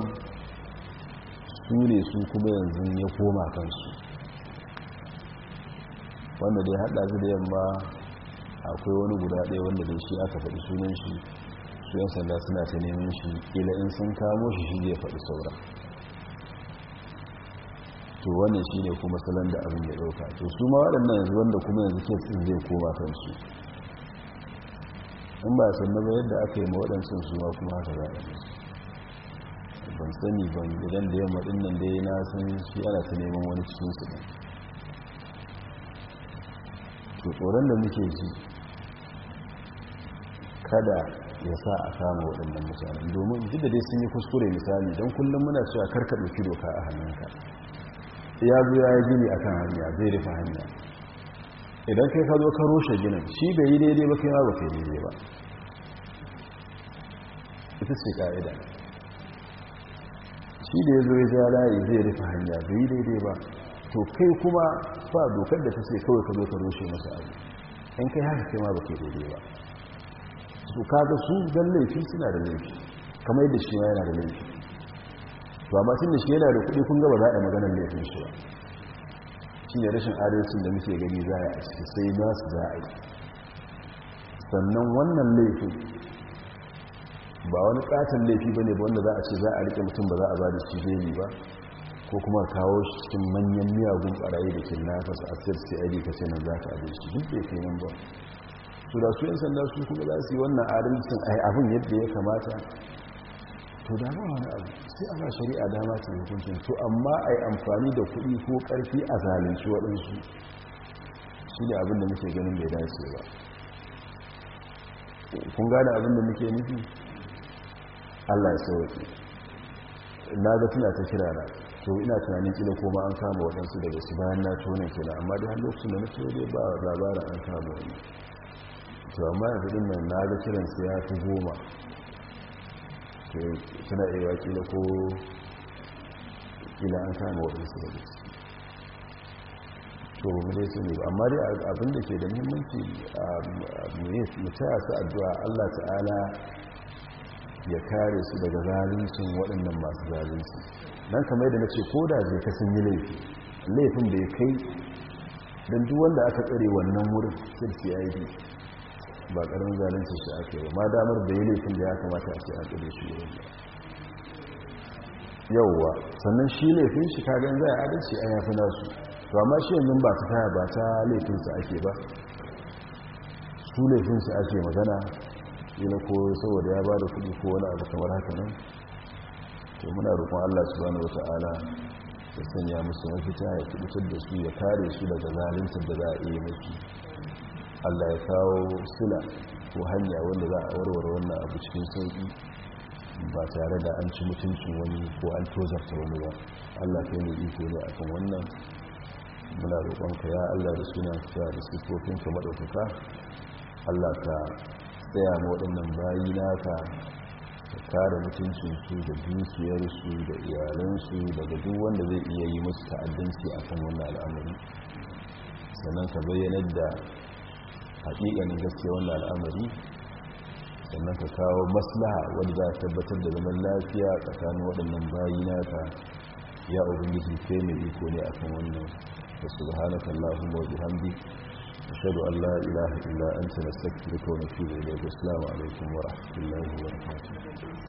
su ne su kuma yanzu ya koma kansu wanda dai haɗa su da yamma akwai wani guda ɗaya wanda dai shi aka faɗi sunan shi su yan sanda suna ta neman shi kila in sun kamo shi shi zai faɗi saura to wannan shi ne kuma salon da abin ya ɗauka to su ma waɗannan yanzu wanda kuma yanzu ke tsin zai koma kansu in ba san ba yadda aka yi ma waɗansu su ma kuma haka za a ban sani ban idan da yamma ɗin nan dai na san shi ana ta neman wani cikin su ɗin to tsoron da muke ji kada ya sa a kama waɗannan mutane domin duk da dai sun yi kuskure misali don kullum muna cewa karka ɗauki doka a hannunka ya zo ya yi gini akan hanya zai rufe hanya idan kai ka zo ka rushe ginin shi bai yi daidai ba kai ma ba kai daidai ba ita ce ka'ida shi da ya zo ya ja layi zai rufe hanya bai yi daidai ba to kai kuma ba dokar da ta ce kawai ka zo ka rushe masa abu in kai haka kai ma ba kai daidai ba su kaga su don laifi suna da laifi kamar yadda shi yana da laifi to amma tun da yana da kuɗi kun gaba za a maganar laifin shi ba shi ne rashin adalcin da muke gani za a ciki sai su za a yi sannan wannan laifin ba wani katon laifi ba ne ba wanda za a ce za a riƙe mutum ba za a ba da shi zai ba ko kuma kawo shi cikin manyan miyagun ɓarayi da ke nasa a sirsi a ka sai nan za ka abin duk da ke nan ba to da su 'yan sanda su kuma za su yi wannan adalcin a abin yadda ya kamata to da ba wani abu sai ana shari'a dama ta hukuncin to amma a yi amfani da kuɗi ko ƙarfi a zalunci waɗansu su ne abin da muke ganin bai dace ba kun gane abin da muke nufi allah ya sauke na ga tuna ta kira na to ina tunanin kila koma an kama waɗansu daga su bayan na tonin kila amma da har lokacin da na ba labarin an kama wani to amma yanzu na ga kiran su ya fi goma suna iya da ko ila an kama waɗansu da su to mu dai su ne ba amma dai abin da ke da muhimmanci ah, mu taya su addu'a Allah ta'ala ya kare su daga zaluncin waɗannan masu zalunci dan kamar yadda na ce ko da zai kasan yi laifi laifin bai kai don duk wanda aka tsare wannan wurin sai CID ba ƙarin zalunci shi ake ba ma damar da yi laifin da ya kamata a ce a ƙire shi wurin ba yauwa sannan shi laifin shi kagan za adalci a yafi nasu to amma shi yanzu ba ta kaya ba ta laifinsa ake ba su laifin laifinsa ake magana ila ko saboda ya ba da kuɗi ko wani abu kamar haka nan to muna roƙon allah subhanahu wata'ala ya sanya musu mafita ya kubutar da su ya kare su daga zaluntar da za a iya mafi allah ya kawo sila ko hanya wanda za a warware wannan abu cikin sauki ba tare da an ci mutuncin wani ko an tozarta wani ba allah kai ne iko ne kan wannan muna roƙonka ya allah da suna ka da ka maɗaukaka allah ka tsaya ma waɗannan bayi naka ka kare mutuncinsu da dukiyarsu da iyalansu daga duk wanda zai iya yi musu ta'addanci akan wannan al'amari sannan ka bayyanar da haƙiƙanin gaskiya wannan al'amari sannan ka kawo maslaha wadda za a tabbatar da zaman lafiya tsakanin waɗannan bayi nata ya ubangiji kai mai iko ne akan wannan da subhanaka allahumma wa bihamdi ashhadu an la ilaha illa anta nastaghfiruka wa natubu ilayk assalamu alaikum wa rahmatullahi wa